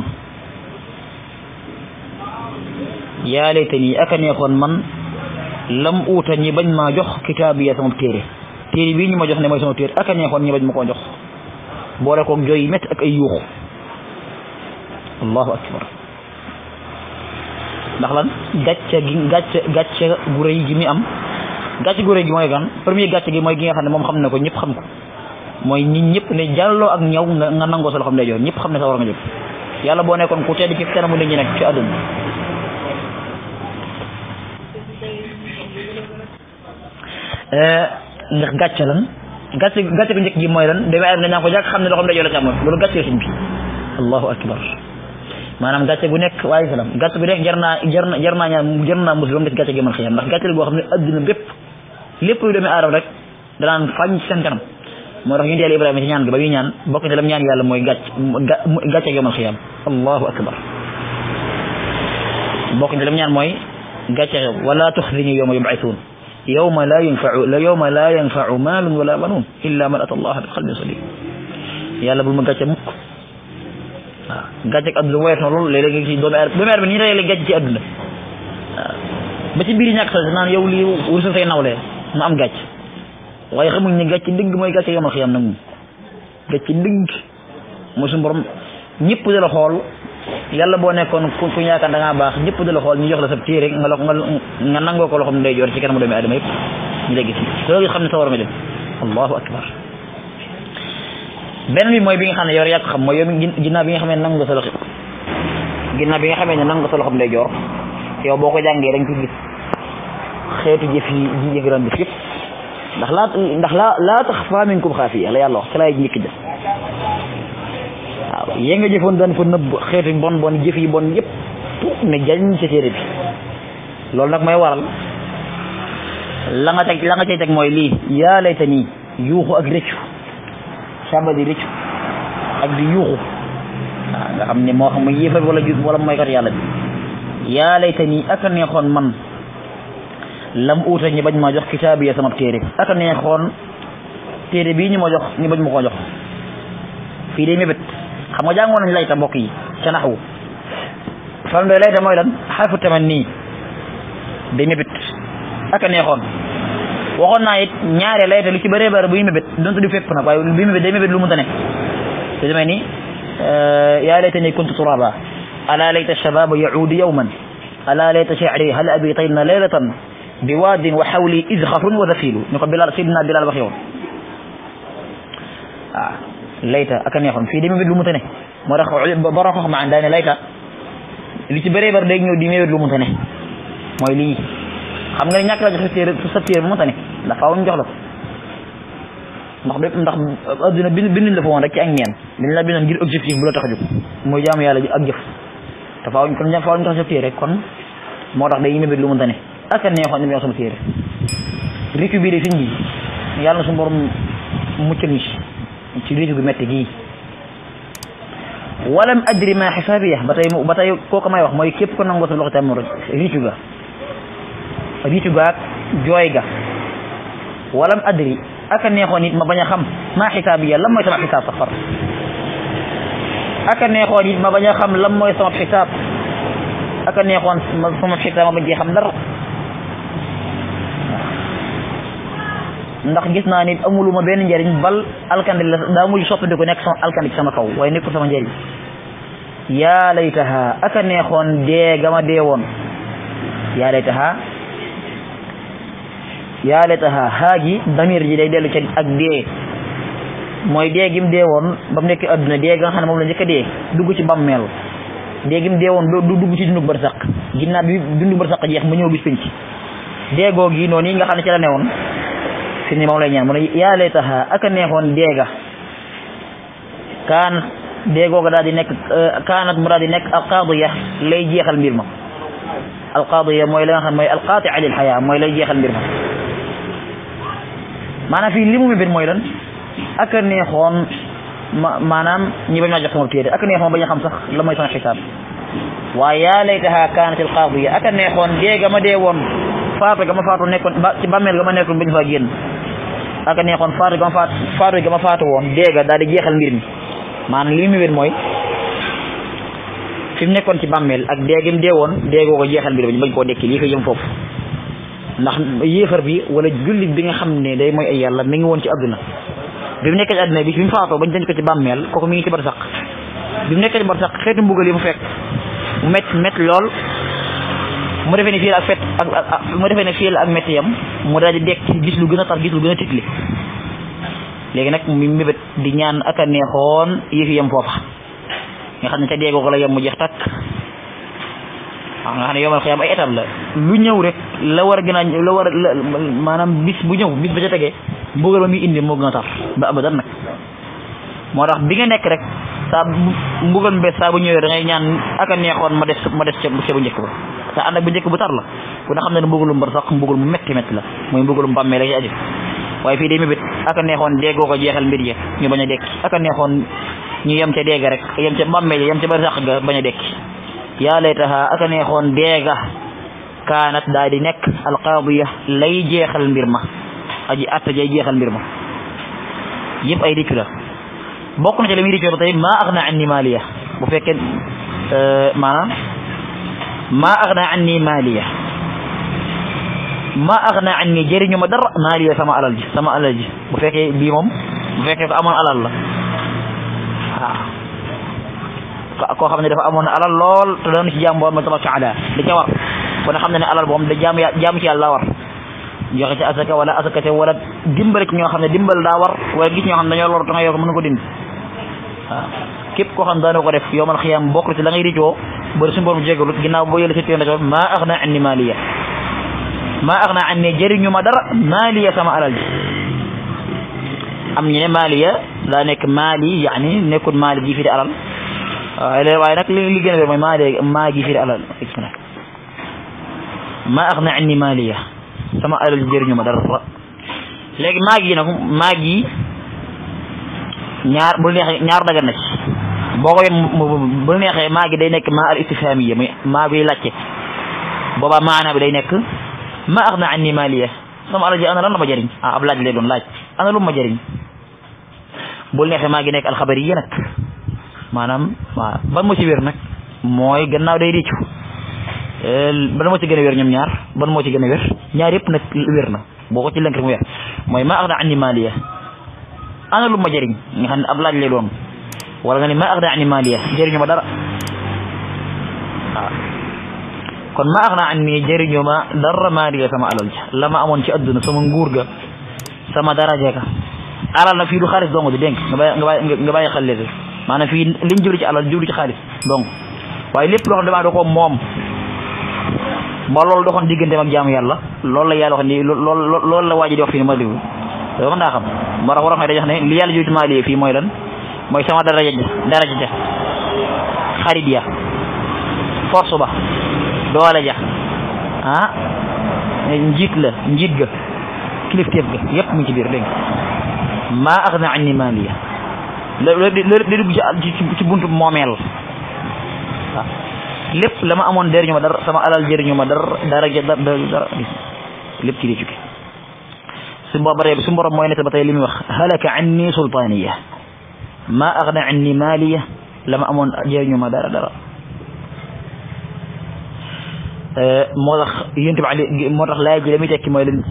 ya laytani akane xon man lam uta ñi bañ ma jox kitaabiya sama tere tere bii ñu ma jox ne moy sama tere akane xon neexoon ñi bañ mako jox bo rek koog joy met ak ay yuxu الله أكبر ndax lan gàcce gi gàcce gàcce gu rëy gi mi am gàcce gu yi gi mooy gan premier gàcce gi mooy gi nga xam ne moom xam na ko ñëpp xam ko mooy nit ñëpp ne jàlloo ak ñaw nga nangoo sa loxoom day joor ñëpp xam ne sa war nga jóg yàlla boo nekkoon ku tedd ci kanamu nit ñi nag ci àdduna eh, ndax gàcce lan gàcce gàcce gu njëkk gi mooy lan dama am na ñaan ko jàkk xam ne loxoom day joor la loolu gàcce suñ bi allahu akbar manam gàcce bu nek waaye salaam gàcce gu nekk jarna jarna jarna na jar naa ñaan jar naa muslim nit gàcce gi man xiyam ndax gàcce la goo aduna bepp lepp bépp lépp yu doomi aadama rek danaan fañ seen kanam mo tax ñu deel ibrahim ci ñaan gi ba muy ñaan bokk ci lam ñaan yalla moy gàcc gàcce gi man xiyam allahu akbar bokk ci lam ñaan moy gàcce wala tukhzini yawma yub'athun yawma la yanfa'u la yawma la yanfau malun wala banun illa man atallaha bi qalbin salim yalla ya bu ma gàcce mukk waaw gàncax adduna woyof na loolu léeg-léeg nga gis ci adduna waaw ba ci biir ñàkk sax naan yow lii wursu say nawle mu am gàcc waaye xamuñ ne dëgg mooy gàcc yomal xiyam nag moom gàcc dëgg mooy suñu borom ñëpp la xool yàlla boo nekkoon ku yaakaar da baax ñëpp di la xool ñu jox la sa téere nga lo nga nga nangoo ko loxoom ndeyjoor ci kanamu doomu aadama yëpp ñu lay gis xam ne sa dem allahu akbar beneen bi mooy bi nga xam ne yow yaa ko xam mooy yow ginnaaw bi nga xam ne nangu nga sa loxo bi nga xamee ne nangu nga sa loxo joor yow boo koy jàngee dañ ko gis xeetu jëf yi ji jëgëran yëpp ndax laa ndax laa laa taxfaa minkum xaafiya la yàlla wax ca laay njëkk jëf waaw nga jëfoon daan fa xeetu bon bon jëf yi bon yëpp ne jañ ca bi loolu nag mooy waral la la nga cay teg mooy lii yaa layta nii yuuxu ak rëccu Samba di rëccu ak di yuxu nga xam mo xam muy yéefar wala jub wala mooy kat yàlla bi yaa layta nii ak a man lam uuta ñi bañ ma jox kitab ya sama téré ak a téré bi ñi ma jox ñi bañ ma ko jox fi de mébét xam nga jangon nañ layta mbok yi ca nahwu fan doy layta moy lan hafu tamanni de mébét ak a waxoon naa it ñaare layte lu ci bëree bëri buy mébét donte du fépp nag waaye buy mébét day mébét lu mu ta ne te demee ni yaa layta ni kuntu turaba ala layta shababa yaudu yawman ala layta sha'ri hal abitayna laylatan bi waadin wa xawli izxarun wa zafilu ñu ko bilal sidna bilal wax yoon waaw layta ak a neexoon fii day mébét lu mu ta ne moo tax borom xam-xam daa ne layta li ci bëree bëri day ñëw di mébét lu mu ta ne mooy lii xam nga ne ñàkk laa jox téere sa téere moo tax ndax faaw ñu jox la ndax ndax adduna bind binduñ la fa woon ci ak ñeen dañ la bindoon ngir objectif bu la tax a mooy jaamu yàlla ji ak jëf te faaw kon faaw ñu jox sa téere kon moo tax day mébét lu mënta ne ak neexoon ñu sama téere récupéré fiñ bi yàlla na suñu borom muccal ñu ci ci réccu gu métti gii walam adri ma xisaabiya ba tey ba tey kooku may wax mooy képp ko nangu sa loxo tam réccu ga jugaat joy ga walam adri aka neexoon ya, nit ma baña xam ma hisab ya lam mooy sama hisab safar aka neexoon ya, nit ma baña xam lam moy sama hisab aka neexoon sama hisab ma bañ cee xam dara ndax gis na nit amuluma ben njariñ bal alkandi la daa mujj soppandiku nek sama alkandi sama kaw way nekkul sama njariñ ya laytaha aka neexoon ya, de gama de won ya laytaha Ya letaha hagi gi damir ji day delu ci ak de moy de gim dee won, ba mu nekk adduna dee nga xam mom la njëkk de dugg ci gim de won, du dugg ci dundu bersak ginna bi dundu bersak jeex ma ñëw bis penc ci de gi noonu yi nga xam ci la ne woon fi ni mom lay ñaan letaha ak neexon de ga Kan de googa da di nek euh, kanat mu daal di nekk alqaadiya lay jeexal mbir ma alqaadiya moy la nga xam al qati'a lil haya moy lay jeexal mbir ma maanaam fii li mu mébét mooy lan ak a neexoon ma maanaam ñi bañ maa jox sama téere ak a neexoon bañ a xam sax la mooy sama xisaab waaye yaa laytaha kaanat al ak a neexoon dee ga ma dee woon faatu ga ma faatu nekkoon ba ci bàmmeel ga ma nekkoon bañ faa génn ak a neexoon faatu ga ma faatu faatu ga ma faato woon dee ga daal di jeexal mbir mi maanaam li mu mébét mooy fim mu nekkoon ci bàmmeel ak dee gi mu dee woon dee goo ko jeexal mbir mi bañ koo dekki lii ko jëm ndax yéefar bi wala jullit bi nga xam ne day mooy ay yàlla mi ngi woon ci àdduna bi mu nekkee ci adduna bi bi mu faatoo bañ denc ko ci bàmmeel kooku ngi ci barsaq bi mu nekkee ci barsaq xeetu mbugal yi mu fekk mu met met lool mu defee ne fii la ak fet ak mu ak métti yam mu daal di dekk gis lu gën a tar gis lu gën a titli léegi nag mu mébét di ñaan ak a neexoon yëfi yam foofa nga xam ne ca deegoo ko la yam mu jeex takk xam nga xam ne xiyam ay étape la lu ñew rek la war gëna la war manam bis bu ñew bis ba ca tege mbugal ba muy indi mo gëna tax tar ba abadan nak moo tax bi nga nek rek sa mbugal mbes sa bu ñew da ngay ñaan aka a neexoon ma def ma def ci bu njëkk ba sa and ak bu njëkk bu tar la ku na xam ne mbugalum mbar sax mbugal mu metti métti la moy mbugalum bàmmee la ci aji waaye fi demé bit aka a neexoon déggoo ko jeexal mbir ya ñu baña dékk aka ak neexoon ñu yam ci dégg rek yam ci bàmmee yam ci bar sax ga baña dékk يا ليتها اكني خون بيغا كانت دادي نيك القاضيه لي جيخال ميرما اجي اتا جي جيخال ميرما ييب اي ريكلا بوكنا جي لامي ريكلا تاي ما اغنى عني ماليا بو فكن ا ما ما اغنى عني ماليا ما اغنى عني جيري ما در ماليه سما علالجي سما علالجي بو فكي بي موم بو فكي امون الله koo xam ne dafa amoon alal lool te doon ci jaam borom tabaraka taala da ca war kon xam na ne alal boobu da jaam jaam ci yàlla war joxe ci asaka wala asaka te wala dimbal ci ñoo xam ne dimbal daa war wala gis ñoo xam ne dañoo lor te nga yor ko mën ko dindi waaw képp koo xam ne daanoo ko def yowmal xiyaam bokk ci la ngay ricoo bari suñu borom jégalut ginnaaw boo yële si téye ndax maa axna anni maaliya maa axna anni jëriñu ma dara maaliya sama alal ji am ñu ne maaliya daa nekk maali yaani nekkul maali ji fi di alal waaye nag li li gën a wér mooy maa de maa gi firi alal bismillah maa axna anni maaliya sama alal jëriñu ma dara léegi maa gi nag maa gi ñaar bu neexee ñaar dagan na ci boo ko yoon bu neexee maa gi day nekk maa al istifhaamiya muy maa biy làcce booba maana bi day nekk maa axna anni maaliya sama alal ji ana lan la ma jëriñ ah ab laaj lay doon laaj ana lu ma jëriñ bu neexee maa gi nekk alxabariya nag maanaam waaw ban moo ci wér nag mooy gannaaw day réccu ban moo ci gën a wér ñoom ñaar ban moo ci gën a wér ñaar yëpp nag wér na boo ko ci lënk rek mu mooy ma axna ani maaliya ana lu ma jëriñ nga xam ne ab laaj lay doon wala nga ne maa axna ani maaliya jëriñu ma dara waaw kon maa axna ani jëriñu ma dara maaliya sama alal ja la ma amoon ci adduna sama nguur ga sama daraja ga alal na fii du xaalis dong di dénk nga bàyyi nga bàyyi xel mana fi liñ jublu ci alal jublu ci xaalis donc waye lepp lo xam dama ko moom ba loolu doxoon digganteem ak jaamu yalla lol la yalla wax ni lol la waji di wax ma liwu dama naa xam mara wara waroon na day wax ne li yalla jullu maa lii fi moy lan moy sama daraja daraja ja xarit ya forso ba doole jax ha ah? njit la njit ga kilifteef ga yep mu ci bir deng ma akhna anni maliya loolu ci ci buntu moomeel waaw la ma amoon jëriñu ma dara sama alal jëriñu ma dara dara dara lépp ci lay jóge su booba rek su borom mooy nett ba tey li muy wax halaka anni sultaaniya ma agna anni maaliya la ma amoon jëriñu ma dara dara eh, moo tax yéen tamit moo tax laaj ji la mooy leen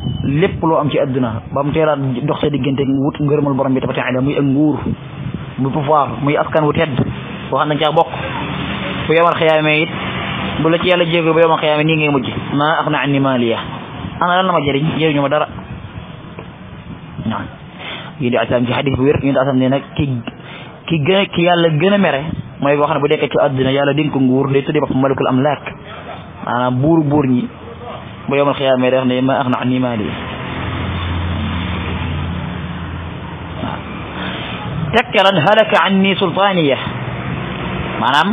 loo am ci adduna ba mu teelaat dox sa diggante wut ngërëmal borom bi tabaaraka taala muy ak nguur bu pouvoir muy askan wu tedd boo xam ne caa bokk bu yomal xiyaame bu la ci yàlla jéego bu yomal xiyaame nii ngay mujj ma ax na an ni maaliya ana lan la ma jëriñ jëriñu ma dara waaw nag ki ki gën yàlla gën a mere mooy wax na ne bu dekkee ci àddina yàlla dénk ko nguur day tuddee bopp malikul amlaak maanaam buur buur ñi bu yom xiyaame def ne ma ax na an ni maaliya takkaran halaka anni sultaniya manam,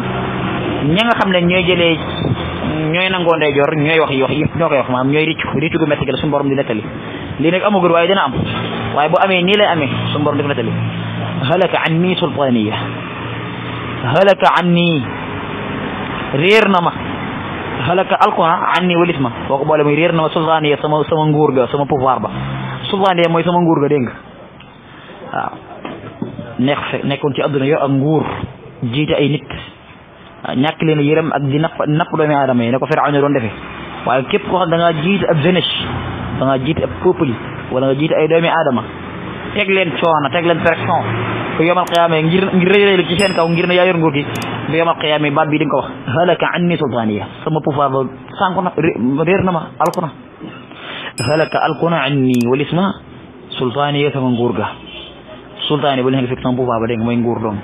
ñi nga xamne ñoy jëlé ñoy nango ndey jor ñoy wax wax yëpp ñokay wax manam ñoy ricc riccu gu metti gi la suñu borom di netali li nak amugul waye dina am waye bu amé ni lay amé suñu borom di netali halaka anni sultaniya halaka anni rir nama halaka alquran anni walisma boko bolé moy rir nama sultaniya sama sama nguur ga sama pouvoir ba sultaniya moy sama nguur ga deng waaw neex fe nekkoon ci àdduna yor ak nguur jiite ay nit ñàkk leen yërëm ak di napp napp doomi aadama yi ne ko Firawna ne doon defee waaye képp koo xam da ngaa jiite ab jeunesse da ngaa jiite ab peuple wala nga jiite ay doomi aadama teg leen coono teg leen pression bu yomal qiyaama ngir ngir rëy rëy ci seen kaw ngir ne yaa yor nguur gi bu yomal qiyaama baat bi di nga ko wax halaka anni sultaaniya sama pouvoir ba sànku na réer na ma alku na halaka alku na anni wal isma sultaaniya sama nguur ga sultani yi ba leen fekk sama pouvoir ba dégg mooy nguur dong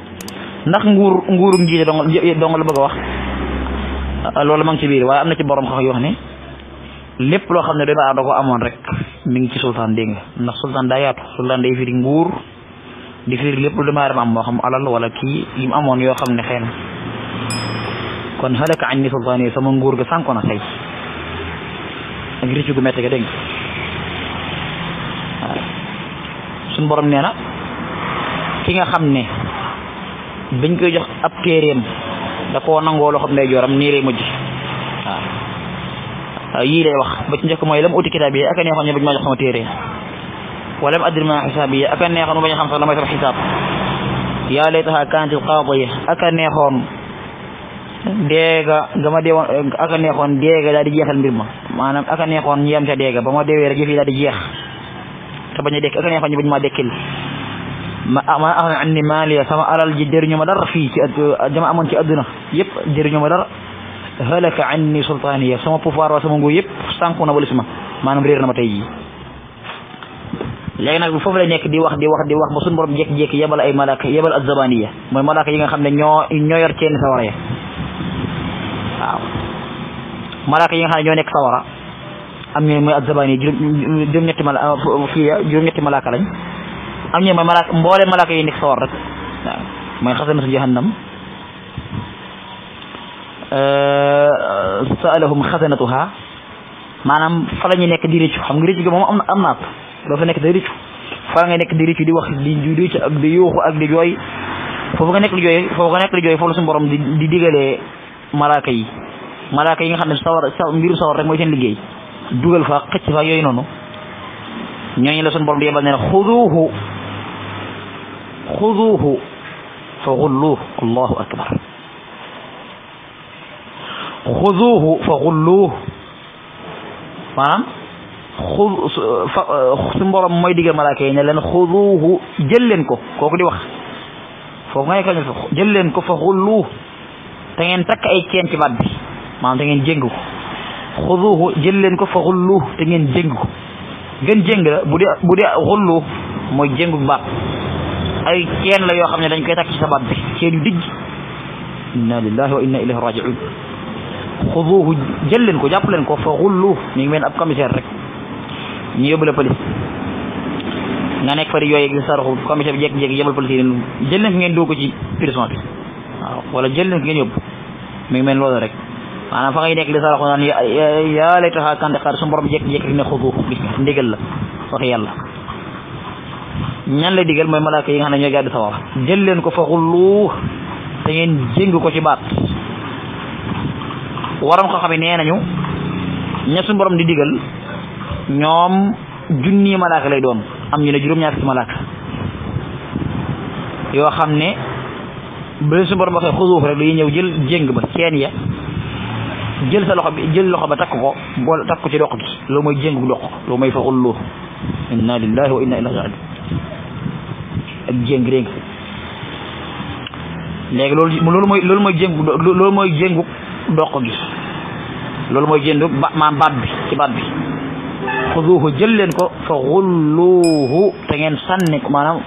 ndax nguur nguuru njiite dong dong la bëgg wax loolu ma ngi ci biir waaye amna ci borom xax yoo xam ne lépp loo xam ne doy da ko amoon rek mi ngi ci sultan dégg nga ndax sultan da yaatu sultan day firi nguur di firi lepp lu maara am mo xam alal wala ki yim mu yo xamne xam kon halak anni sultani sama nguur ga sànko na tey ak rëccu gu metti ga dégg sun borom neena ki nga xam ne biñ koy jox ab téeréem da koo nangoo loo xam joram nii lay mujj waaw yii lay wax ba ci njëkk mooy lam uti kitaab yi ak a neexoon ne bañ maa jox sama téere wala mu adri ma xisaab yi ak a neexoon bañ xam sax la may sama xisaab yaa laytahaa kaanati l-qaadiya ak a neexoon deega ga de deewoon ak a neexoon deega daal di jeexal mbir ma maanaam ak a neexoon ñu yem ca deega ba ma deewee rek jëf yi daal di jeex te bañ a dekk ak a neexoon ñu bañ maa dekkil ma ma axna anni maaliya sama alal ji jëriñu ma dara fii ci jama amoon ci adduna yëpp jëriñu ma dara halaka anni sultaaniya sama pouvoir waa sama nguur yëpp sànku na walis ma maanaam réer na ma tey jii léegi nag bi foofu lay nekk di wax di wax di wax ba suñu borom jékki-jékki yebal ay malaaka yebal azabaniya mooy malaaka yi nga xam ne ñoo ñoo yor ceen sawara ya waaw malaaka yi nga xam ne ñoo nekk sawara am ñooy mooy azabaniya juróom-ñetti mala fii juróom-ñetti malaaka lañ am ñoom ma malaaka mboole malaaka yi nek sawar rek waaw mooy xasanatu jahannam eh, saalahum khazanatuha manam fa lañu nek nekk di rëccu xam nga rëccu gi moom am na am naat doo fa nek di rëccu fa nga nek di rëccu di wax di di rëccu ak di yuuxu ak di joy fofu nga nek li joy fofu nga nek li joy fofu la suñu borom di di digalee malaaka yi malaaka yi nga xamne sawar sa mbiru sawar rek moy seen liggey duggal fa xecc fa yoy nonu ñoy la sun borom di yebal ne khuduhu xuduuhu fa xulluuhu allahu akbar xuduuhu fa xulluuhu maanaam xu suñu borom mooy digal malaaka yi ne leen xuduuhu jël ko kooku di wax foofu nga ne kañ jël leen ko fa xulluuhu te ngeen takk ay ceen ci baat bi maanaam te ngeen jéng ko xuduuhu jël leen ko fa xulluuhu te ngeen jéng ko gën jéng la bu dee bu dee xulluuhu baat ay ceen la yoo xam ne dañ koy takk ci sa bi ceen yu dijj inna lillahi wa inna ilayhi rajiun xuduuhu jël leen ko jàpp leen ko fa xullu mi ngi mel ab commissaire rek ñu yóbbu la police nga nekk fa di yooyee gi saraxu commissaire bi jékki ngeen dugg ko ci prison bi wala jël leen fi ngeen yóbbu mi ngi mel loolu rek maanaam fa ngay nekk di saraxu naan yaa lay taxaa kante xaar su borom jékki-jékki ne xuduuhu gis nga ndigal la yàlla ñan la digal mooy malaaka yi nga xam ne ñoo gàddu sawara jël leen ko fa xullu te ngeen jéng ko ci baat waroon ko xam ne nee nañu ña suñu borom di digal ñoom junni malaaka lay doon am ñu ne juróom-ñaar fukki yoo xam ne ba leen suñu borom waxee rek dañuy ñëw jël jéng ba ceen ya jël sa loxo bi jël loxo ba takk ko bool takk ko ci doq gi loolu mooy jéng bu doq loolu mooy fa xullu inna lillahi wa inna ilayhi rajiun ak jéng réeg léegi loolu loolu mooy lool mooy jéngu loolu mooy jéngu doq gi loolu mooy jéngu ba maam baat bi ci baat bi xuduuhu jël leen ko fa xulluuhu te ngeen sànni ko maanaam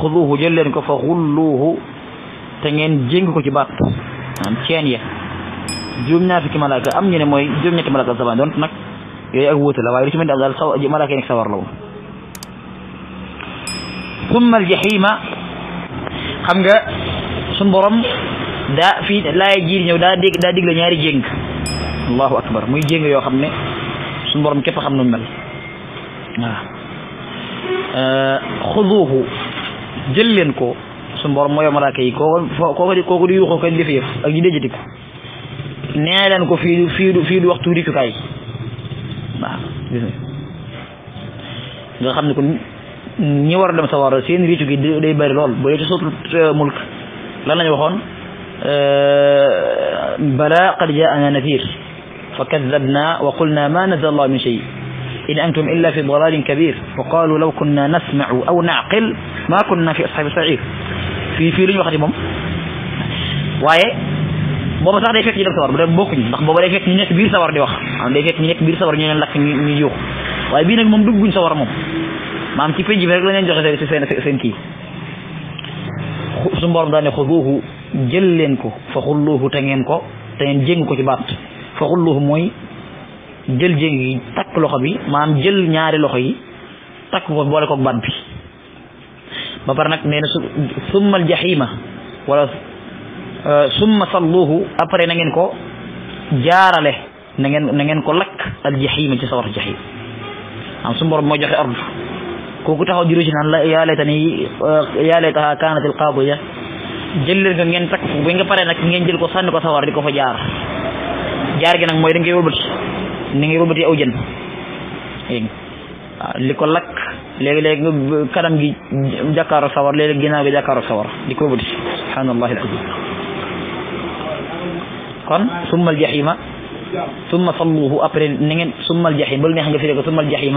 xuduuhu jël leen ko fa xulluuhu te ngeen jéng ko ci baat maanaam ceen ya juróom ñaar fukki malaaka am ñu ne mooy juróom ñetti malaaka saban doon nag yooyu ak wuute la waaye lu ci mel ni daal saw malaaka yi sawar la ثم الجحيم xam nga sun borom daa fii laay jiir ñëw daa dégg daa akbar muy jéng yoo xam ne sun borom képp xam nu mel waaw euh, xuduuhu di kooku di yuuxoo ko def yëf ak ñu déjati ko nee leen ko fii fii du fii du waxtu riccukaay waaw ñi war dem sawara seen réccu gi day bari lool bo ci sotul mulk lan lañ waxon euh bala qad jaana nadhir fa kadabna wa qulna ma nazal allah min shay in antum illa fi dalalin kabir wa qalu law kunna nasmau aw naqil ma kunna fi ashabi sair fi fi lu ñu waxati moom waaye booba sax day fek ñu dem sawar bu dem ñu ndax booba day fek ñu nekk biir sawar di wax am day fek ñu nekk biir sawar ñu leen lak ñu yu waye bi nak mom duggu ñu sawar mom maam ci pénc rek la leen joxe ci seen seen ki sun borom daane xuduhu jël leen ko fa xulluuhu ta ngeen ko ta ngeen jeng ko ci baat fa xulluuhu moy jël jeng yi tak loxo bi maam jël ñaari loxo yi ko ko bi ba par nak neena na su summa al jaxiima wala euh, summa salluhu après na ngeen ko jaarale na ngeen na ngeen ko lak al jahima ci sawar jahim am sun borom mo joxe ordre kooku taxaw di ruusi naan la yaa laytani uh, yaa laytahaa kaanat al qaadiya jël leen ko ngeen takk ko bu nga paree nak ngeen jël ko sànni ko sawar di ko fa jaar jaar gi nag mooy da ngay wëlbati ni ngay wëlbati aw jën li ko lakk léegi-léegi kanam gi jàkkaaroo sawar léegi ginnaaw gi jàkkaaroo sawar di ko wëlbati subhanallahi alazim kon summa al jahima summa salluhu après ni ngeen summa al jahim bal neex nga firee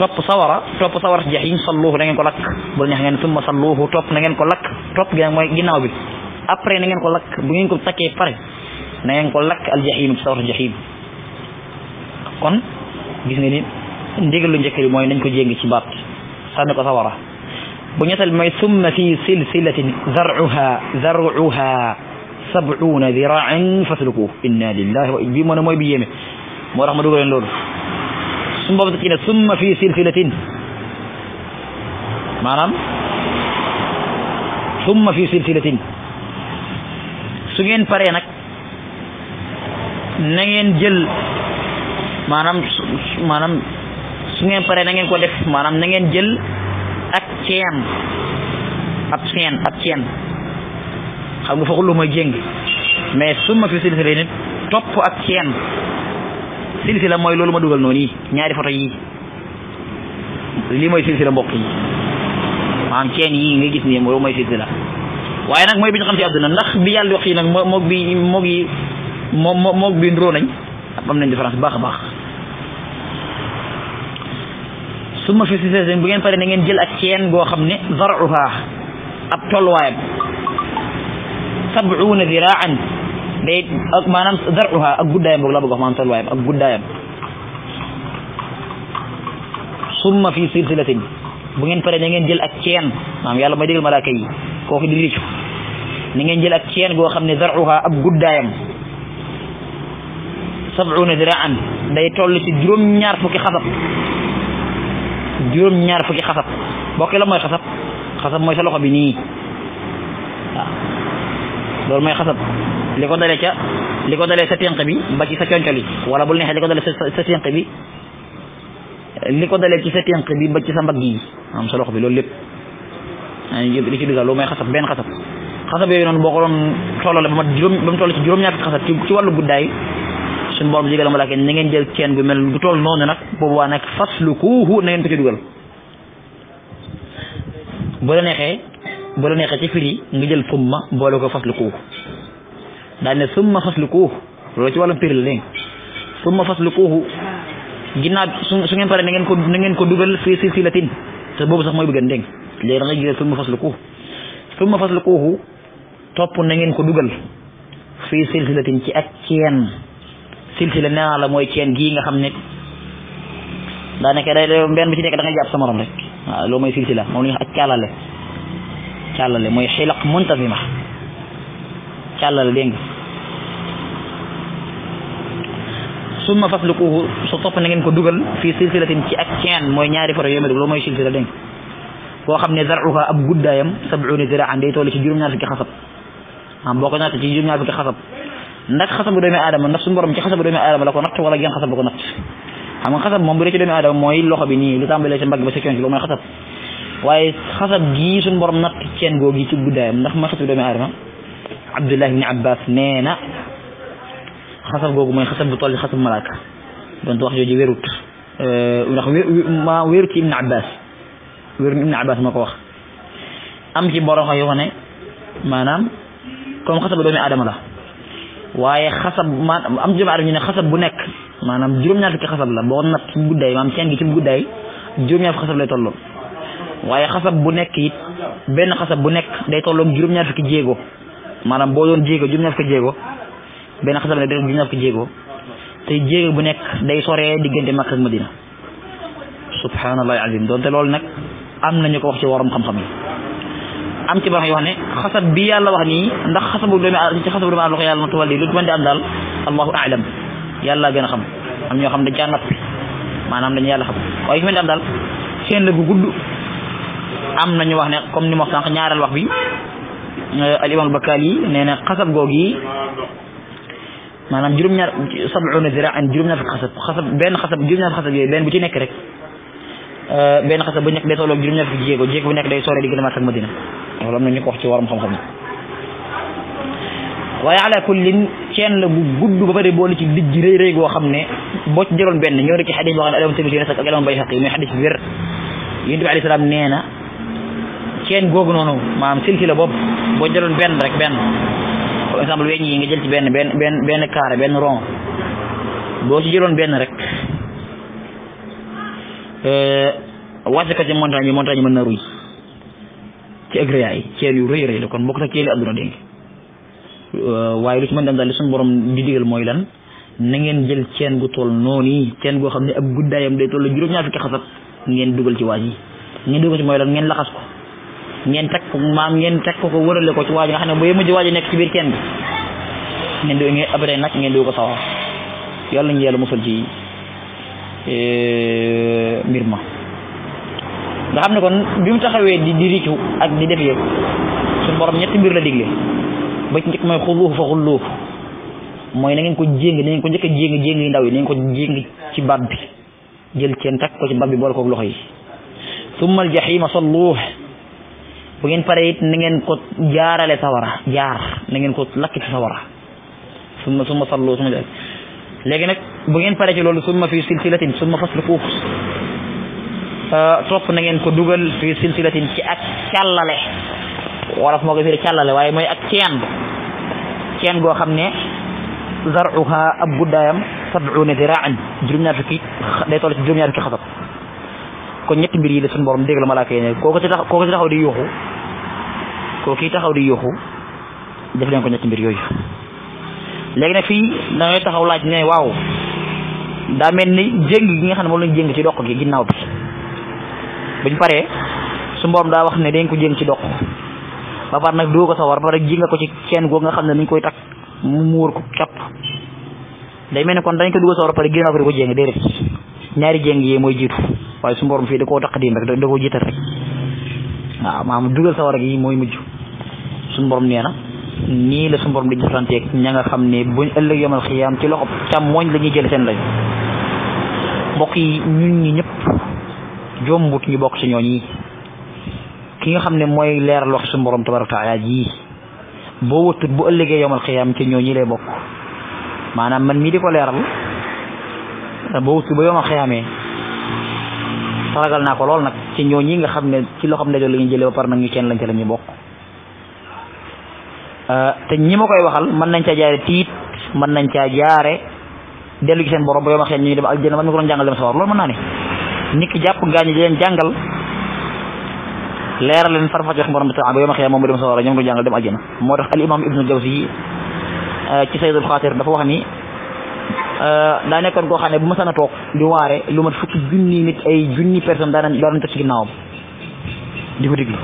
top pesawara, top pesawara jahin yiñ dengan kolak ngeen dengan semua bul top dengan kolak, top yang mau gina ko gitu. apa yang dengan kolak mooy kau tak kepar dengan kolak pare al jahim pesawara jahin kon di sini ini ndigal lu njëkk li mooy nañ ko sana pesawara baat sànni ko sawara summa fi silsilatin zarcuha zarcuha sabcuuna diraacan fasluku inna lillahi wa bi mana mau mooy bi yéeme moo tax ma suñu bopp da ci ne summa fii silsilatin maanaam summa fii silsilatin su ngeen paree nag na ngeen jël maanaam maanaam su ngeen paree na ngeen ko def maanaam na ngeen jël ak ceen ab ceen ab ceen xam nga foofu lu mooy jéng mais summa fii silsilatin topp ak ceen silsila mooy loolu ma dugal noonu yi ñaari photo yi lii mooy silsila mbokk yi maanaam ceen yi nga gis nii loolu mooy silsila waaye nag mooy bi ñu xam ci àdduna ndax bi yàlla wax yi nag moo moog bi moog yi moo moo bi ndróo nañ am nañ différence baax a baax su ma fi si bu ngeen pare na ngeen jël ak ceen goo xam ne zaruha ab tolluwaayam sabuuna diraan dayt ak uh, manam zarruha ak guddayam bok la bëgg wax maanaam tolluwaayam ak guddayam summa fi silsilatin bu ngeen paré ngeen jël ak cien manam yalla may déggal malaaka yi kooku di ricu ni ngeen jël ak cien go xam zarruha ak guddayam sab'una diraan day toll ci juroom ñaar fukki xasab juroom ñaar fukki xasab bokki la moy xasab xasab moy sa loxo bi ni lol may xassat liko dalé ca liko dalé sa tenq bi ba ci sa conco wala bu neexee liko dalé sa tenq bi liko dalé ci sa tenq bi ba ci sa mbagg yi am xobi lol lepp ay yeb li ci dugal loolu may xassat ben xassat xassat yooyu noonu boko don tolo tolloo la ba mat juróom ba mu ci juróom ñak xassat ci ci wàllu guddaay suñu borom digal malaaka ni ngeen jël ceen bu mel bu tol nonu nak bobu wa nak faslukuuhu na ngeen ko ci dugal bu la neexee bu nekk ci firi nga jël summa boole ko faslukuuh daal ne summa faslukuuh loolu ci wàllum firi la dégg summa faslukuuh ginnaaw su su ngeen pare na ngeen ko na ngeen ko dugal fii latin te boobu sax mooy bu gën dégg léegi da ngay jël summa faslukuuh summa faslukuuh topp na ngeen ko dugal fii latin ci ak ceen silsila naa la mooy ceen gii nga xam ne daanaka day benn bi ci nekk da nga jàpp sa morom rek waaw loolu mooy silsila moom la wax ak càllale mooy xilaq muntazima càllale dégg nga summa faslukuhu su topp na ngeen ko dugal fii silsilatin ci ak ceen mooy ñaari faro yooyu ma dugg loolu mooy silsila dégg boo xam ne zaruha ab guddaayam sab'una ziraan day toll ci juróom-ñaar fukki xasab ah boo ko natt ci juróom-ñaar fukki xasab ndax xasabu doomi aadama ndax suñu borom ci xasabu doomi aadama la ko natt wala geen xasab la ko natt xam nga xasab moom bu dee ci doomi aadama mooy loxo bi nii lu tàmbalee ci mbagg ba sa coon ci loolu mooy xasab waaye xasab gii suñ borom natt ceen googi ci guddaayam ndax ma xasab doomi aadama abdullah ibni abbas nee na xasab googu mooy xasab bu toll xasab malaaka donte wax jooju wérut euh, ma wérut ci ibni abbas wérut ibni abbas moo ko wax am ci borom yo ne maanaam comme xasab doomi aadama la waaye xasab ma am doomi aadama ñu ne xasab bu nekk maanaam juróom-ñaar fukki xasab la boo natt ci guddaay maanaam ceen gi ci guddaay juróom-ñaar fukki xasab lay tolloon waaye xasab bu nekk it benn xasab bu nekk day tolloog juróom-ñaar fukki jéego maanaam boo doon jéego juróom-ñaar fukki jéego benn xasab ne jéego te jéego bu nekk day soree diggante Makka ak Madina subhaanallahi azim doonte loolu nag am nañu ko wax ci waroom xam-xam am ci borom yoo ne xasab bi yàlla wax ni ndax xasabu doomi ci xasabu doomi aadama ko yàlla na tuwal lu mën di am daal allahu aalam yàlla gën a xam am ñoo xam dañ caa noppi maanaam dañu xam waaye yu mel ni am daal seen la am nañu wax ne comme ni ma wax sànq ñaareel wax bi euh, al imam Bakali yi nee na xasab googu yi maanaam juróom-ñaar sab'una ziraan juróom-ñaar fukki xasab xasab benn xasab juróom-ñaar fukki xasab yooyu benn bu ci nekk rek euh, benn xasab bu nekk day tolloog juróom-ñaar fukki nekk day sooree di gën a mat Madina loolu am na ñu ko wax ci waram xam-xam waaye ala kullin ceen la bu gudd ba pare boole ci dijj rëy rëy goo xam ne boo ci jëloon benn ñoo na ci xadis boo xam ne alimam Tirmisi ak alimam Bayhaqi muy xadis bi wér yonent bi alayhi salaam nee na kenn googu noonu maanaam silsila bopp boo jëloon benn rek benn par exemple weñ yi nga jël ci benn benn benn benn carré benn rond boo ci jëloon benn rek euh, wàcce ko ci montagne mën na ruy ci agréa yi yu rëy kon bokk euh, waaye lu ci mën dem daal li suñu borom di digal mooy lan na ngeen jël ceen gu toll noonu ceen goo xam ne ak guddaayam day toll juróom-ñaar fukki xasab ngeen dugal ci waaj yi ngeen dugal ci mooy lan ngeen laxas ko ngeen takk maam ngeen takk ko wërale ko ci waaju nga xam ne bu mujj nekk ci biir kenn bi nag ngeen di ko sawar yàlla ñu yàlla musal ci e, mbir ma nga xam ne kon bi mu taxawee di di riccu ak di def yëpp suñu borom ñetti mbir la digle ba ci njëkk mooy xulluufu fa xulluufu mooy na ngeen ko jéng na ngeen ko njëkk a jéng ndaw yi na ko jéng ci baat bi jël ceen takk ko ci baat bi boole koog loxo yi summa al jaxiima salluuh bu ngeen pare it na ko jaarale sawara jaar na ngeen ko lakk ci sawara summa summa sallu léegi nag bu ngeen pare ci loolu summa fi silsilatin summa faslukuuh topp na ngeen ko dugal fi silsilatin ci ak càllale wolof moo ko firi càllale waaye mooy ak ceen ceen goo xam ne zaruha ab guddaayam sab'una diraan juróom-ñaar fukki day toll ci juróom-ñaar fukki ko ñetti mbir yi la suñu borom dégg la malaaka yi ne kooku ci tax kooku ci taxaw di yuuxu kooku ci taxaw di yuuxu def leen ko ñetti mbir yooyu léegi nag fii dangay taxaw laaj ne waaw daa mel ni jéng gi nga xam ne moom lañ jéng ci doq gi ginnaaw bi paree su mborom daa wax ne dañ ko jéng ci doq ba pare nag doo ko ba pare ko ci kenn googu nga xam ne dañ koy takk mu muur ko cap day mel ni kon dañ ko dugg sawar pare ginnaaw ko di ko jéng déedéet ñaari jéng yi mooy jiitu waaye su borom fii da koo taqdim rek da koo jiital rek waaw maam dugal sawara gi mooy mujj suñu borom nee na nii la suñu borom di jëflanteeg ña nga xam ne buñ ëllëg yomal ci loxo càmmooñ la ñuy jël mbokk yi ñun ñi ñëpp jombut ñu bokk ci ñooñi ki nga xam ne mooy leeral wax suñu borom tabaraka ji boo wëttut bu ëllëgee yomal xiyaam ci ñooñi lay bokk maanaam man mii di ko leeral boo wëttut ba yomal xiyaamee ragal nako lol nak ci ñoo ñi nga xamne ne ci loxoom ndeyjoor la ñuy jël ba par nag ñu kenn lañ ca la ñuy bokk euh, te ñi ma koy waxal man nañ ca jaare tiit man nañ ca jaare delu ci seen borom bo waxe ñi dem ñu dem man mi ko jangal dem sawar loolu mën naa ne nit ki jàpp gaañu di leen jàngal leeral leen farfa jox borom ta taala ba yoo ma xeen moom dem sawar ñu du jàngal dem aljana moo tax al imam ibnu jawzi euh, ci sayyidul khatir dafa wax ni Euh, daa nekkoon koo xam ne bu ma sana toog di waare lu ma fukki junni nit ay junni personne daa daan toog ci ginnaawam di ko déglu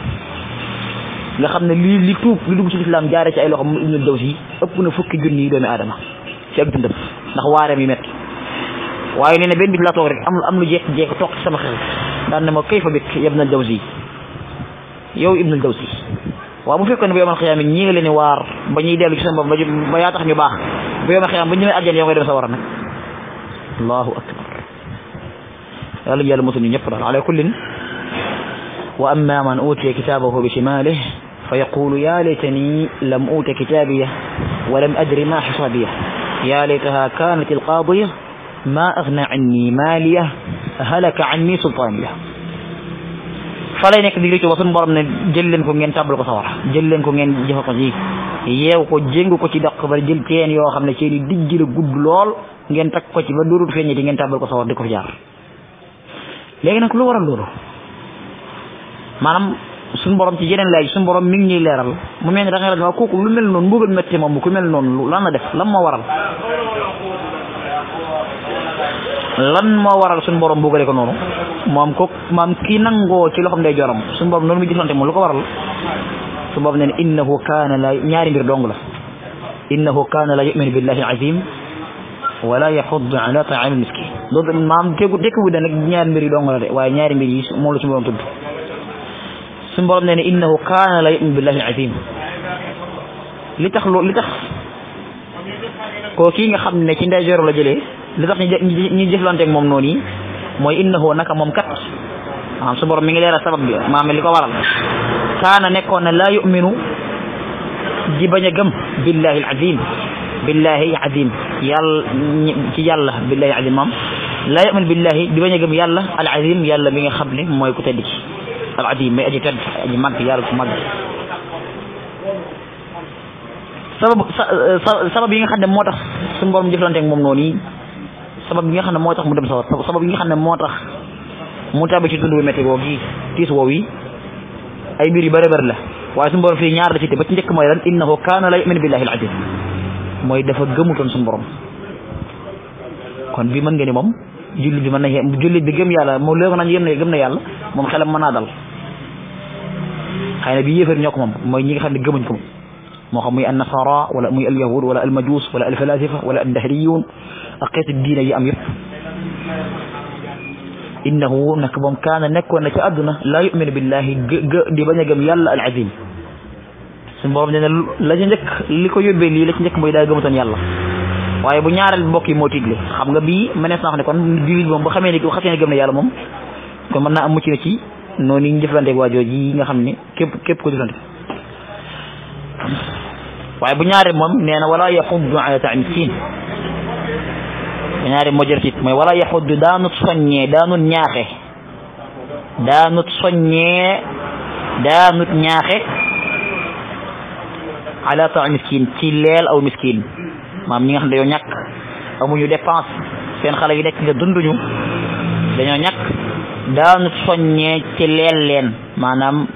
nga xam ne lii li tuub li dugg ci lislaam jaare ci ay loxo moom Ibnu Dawsi ëpp na fukki junni doomi aadama ci ak dundam ndax waareem yi métti waaye nee na am am lu jekk-jekk toog ci sama xel daan ma kay fa bik ya Ibnul Dawsi yow Ibnul Dawsi waaw bu fekkoon ne ba yomal xiyaama ñii leen waar ba ñuy dellu ci seen bopp ba yaa tax ñu baax bu yom xiyam bu ñëwé aljana yow nga dem sa war nak allahu akbar yalla yalla musul ñu ñëpp dal ala فيقول يا ليتني لم اوت كتابيه ولم ادري ما حسابيه يا ليتها كانت القاضية ما اغنى عني مالية هلك عني سلطانية فلا نك ديغري تو واسن بروم ن جيلن كو جل تابل كو سوار جيلن yew ko jengu ko ci dakk ba jël teen yo xamne ne seeni digg la gudd lol ngeen tak ko ci ba dóorul di ngeen tabal ko sawar diko jaar legi nak lu waral lolu manam sun borom ci yenen lay sun borom mi ngi leral mu meñ da nga la ko ko lu mel non mbugal metti mom ku mel non lan la def lan moo waral lan mo waral sun borom mbugale ko nonu mom ko ki nango ci loxam day joram sun borom nonu mo lu ko waral سبب نن إنه كان لا نعرف بالدونغلا إنه كان لا يؤمن بالله العظيم ولا يحض على طعام المسكين لذا المام كي قد يكون دنا نعرف بالدونغلا ونعرف بالجيش مولش مولن تد سبب نن إنه كان لا يؤمن بالله العظيم لتخلو لتخ كوكين خم نكين دجر ولا جلي لتخ نج نجف لانتك ممنوني ما إنه نك ممكن سبب مين غير السبب kaana nekkoon na laa yuminu di bañ a gëm billahi alazim billahi azim yàlla ci yàlla billahi azim moom laa yumin billahi di bañ a gëm yàlla alazim yàlla bi nga xam ne mooy ku tedd ki alazim may aji tedd aji mag yàlla ku mag sabab sabab yi nga xam ne moo tax suñu borom jëflante moom noonu sabab yi nga xam ne moo tax mu dem sawar sabab yi nga xam ne moo tax mu tàbbi ci dund bu métti googu tiis woowu yi ay mbir yu bëri bëri la waaye sun borom fi ñaar la ci te ba ci njëkk moy lan innahu kana la yumin billahi al adil moy dafa gëmutoon sun borom kon bi man nga ni moom jullit bi man na julli bi gëm yàlla mo léegi nañ yëm na gëm na yàlla mom xelam mana dal xayna bi yéefar ñoo mom moy ñi nga xam ne gëmuñ ko mo xam muy an nasara wala muy al yahud wala al majus wala al falasifa wala al dahriyun aqiyat ad-din yi am yef innahu nag moom kaana nekkoon na ci àdduna laa yuminu di bañ a gëm yàlla al azim suñu borom nee na la ca njëkk li ko yóbbee lii la ci njëkk mooy daa gëmutoon yàlla waaye bu ñaareel mbokk yi moo tiitle xam nga bii mënees naa wax ne kon jullit moom bu xamee ne bu xasee ne gëm na yàlla moom kon mën naa am mucc na ci noonu ñu jëflanteeg waajoo ji nga xam ne képp képp ko jëflante waaye bu ñaareel moom nee na wala yaxuddu ala taam miskin ñaari mojër tit mooy wala yaxuddu daanut soññee daanut ñaaxe daanut soññee daanut ñaaxe ala taam miskin ci leel aw miskin maam ñi nga xam dañoo ñàkk amuñu dépense seen xale yi nekk nga dunduñu dañoo ñàkk daanut soññee ci leel leen maanaam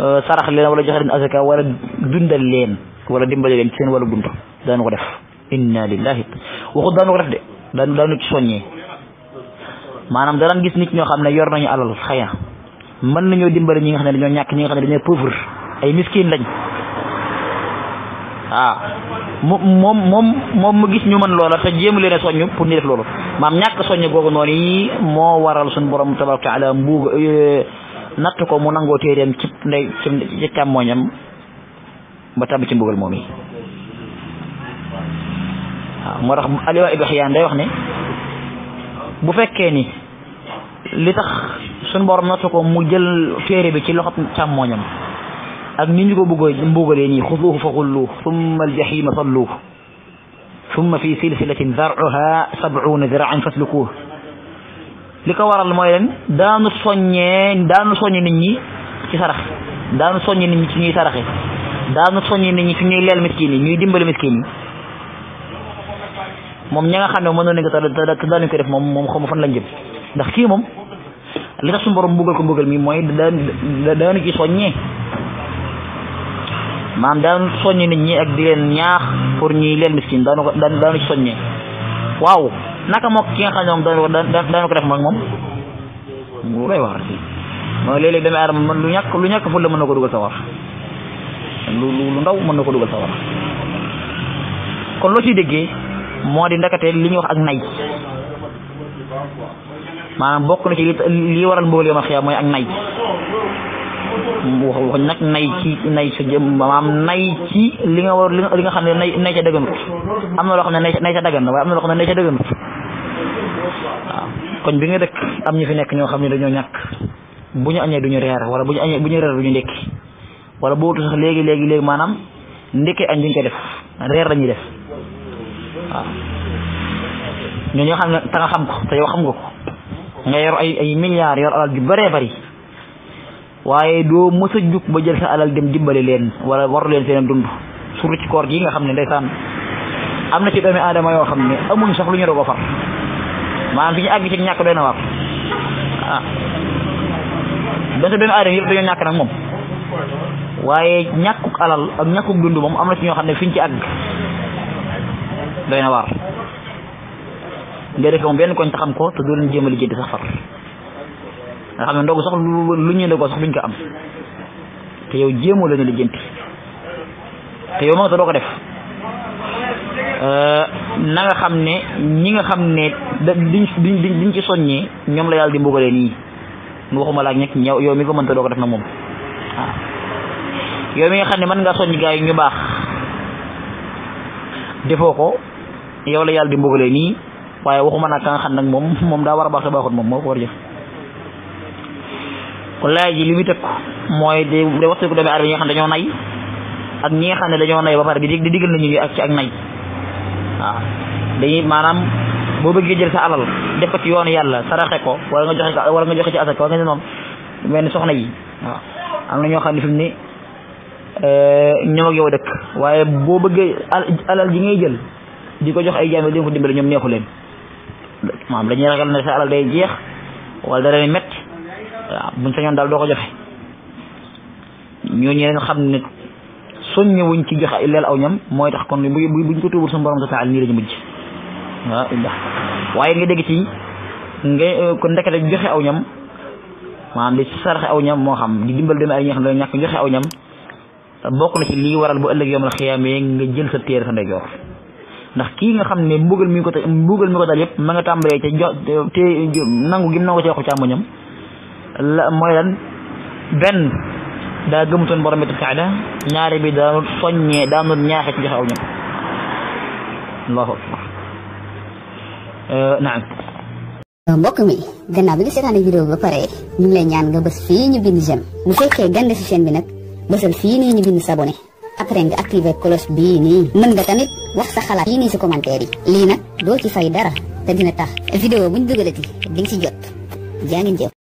euh, sarax leen wala joxe leen azaka wala dundal leen wala dimbale leen ci seen wala dund daanu ko def inna lillahi waxut daanu ko def de da dañu ci soññee maanaam danañ gis nit ñoo xam ne yor nañu alal xëy na mën nañoo dimbali ñi nga xam ne dañoo ñàkk ñi nga xam ne dañoo pauvre ay miskin lañ waaw ah, moom moom moom mu gis ñu mën loola te jéem leen a soññ pour ñu def loolu maam ñàkk soññ googu noonu yi moo waral suñu borom tabaraka taala mbuug eh, natt ko mu nangoo téeréem ci ndey ci càmmooñam ba tàbbi ci mbugal moom yi waaw moo tax aliwa ibn xiyaan day wax ne bu fekkee ni li tax suñ borom nattu ko mu jël téere bi ci loxo càmmooñam ak ni ñu ko bëggoo mbugalee nii xuduuhu fa xulluuh summa aljahima salluuh summa fi silsilatin zarcuha sabcuuna ziraan faslukuuh li ko waral mooy leen daanu soññee daanu soññ nit ñi ci sarax daanu soññ nit ci ñuy saraxe daanu soññ nit ñi ci ñuy leel miskin yi ñuy dimbali miskin mom ñinga xamne xam ne mënoon nañ ko te daal ko def mom mom xamu fan lañ jëm ndax ki mom li tax sun borom mbugal ko mbugal mi mooy da daanu ci soññee man daanu soññe nit ñi ak di len ñaax pour ñi len miskin daanu ko daanu ci soññee waaw naka mook ki nga xamne ne moom daanu ko def moom mom mu lay war ci mo lele dem dama man lu ñak lu ñak fu la mëna na ko dugal sawar lu lu ndaw mëna na ko dugal sawar kon lo ci déggé moo di ndakate li ñuy wax ak nay maanaam bokk na ci li waral mbugal yomal xiyaam mooy ak nay wax nag nay ci nay sa jëm maanaam nay ci li nga war li nga xam ne nay nay ca dëgganut am na loo xam ne nay ca dëggan waaye na loo xam ne nay ca dëgganut waaw koñ bi nga dëkk am ñu fi nekk ñoo xam ne dañoo ñàkk bu ñu añee du ñu reer wala bu ñu añee bu ñu reer ñu ndékki wala bootu sax léegi léegi léegi maanaam ndékkee añ duñ ko def reer lañuy def waaw ah. ñooñu xam ne te nga xam ko te yow xam nga ko nga yor ay ay milliards yor alal ju bëree bëri waaye doo mës a jug ba jël sa alal dem dimbali leen wala war leen seen dund surtout ci koor gi nga xam ne ndeysaan am na ci doomi aadama yoo xam ne amuñ sax lu ñu doog a far maanaam fi ñu àgg ci ñàkk doy na waar ah doomi aadama yëpp dañoo ñàkk nag moom waaye ñàkkuk alal ak ñàkkuk dund moom am na ci ñoo xam ne fiñ ci àgg doyna war waar nga ben moom koñ taxam ko te doo leen jéem a lijjanti nga xamne ndogu sax lu ñu ndogoo sax buñ ko am te yow jema la ñu lijjanti te yow ma te doo ko def euh na nga xamne ñi nga xamne ne da diñ diñ ci soññee ñom la yalla di mbugalé ni mu waxuma laak ñek ñaw yow mi ko mënta do ko def na mom yow mi nga xamne man nga soññ gaay ñu bax defoko yow la yàlla di mbugalee nii waaye waxuma nag ka nga xam nag moom moom daa war a baax te baaxut moom moo ko war a jëf kon laaj mooy de de waxtu ko doomi aadama yi nga xam ne dañoo nay ak ñi nga xam ne dañoo nay ba pare di di digal nañu ak ci ak dañuy maanaam boo bëggee jël sa alal def ko yàlla saraxe ko wala nga joxe wala nga joxe ci asaka wala nga ne noonu ni soxna yi waaw na ñoo xam ne fi ni ne euh, ñoom yow dëkk waaye boo bëggee alal ji ngay jël diko jox ay jaam di ko dimbale ñom neexu leen maam dañuy ragal na sa alal day jeex wala dara ni metti waaw buñ sañoon daal doo ko joxe ñooñu ñeen xam ne soññe wuñ ci jox leel aw ñam moy tax kon bu buñ ko tuubul suñu borom taal ni lañu mujj wa inda waye nga deg ci nga ko ndekete joxe aw ñam maanaam di sarax aw ñam mo xam di dimbal dem ay ñi xam ne joxe aw ñam bokku na ci li waral bu ëllëg yoomul la xiyaamee nga jël sa téere sa ndeyjoor ndax kii nga xam ne mbugal mi ko mbugal mi ko dal ma nga tàmbalee ca jo te nangu gim nangu ca waxu càmmoñam la mooy lan benn daa gëmutoon borom bi taala ñaare bi daanul soññee daanul ñaaxe ci joxe aw ñam allahu akbar euh, naam euh, mbokk mi gannaaw bi nga seetaane vidéo ba pare ñu lay ñaan nga bës fii ñu bind jëm bu fekkee gande si chaîne bi nag bësal fii nii ñu bind après nga activer cloche bii nii mën nga tamit wax sa xalaat yi nii si commentaire yi lii nag doo ci fay dara te dina tax vidéo dugalati jot jaa ngeen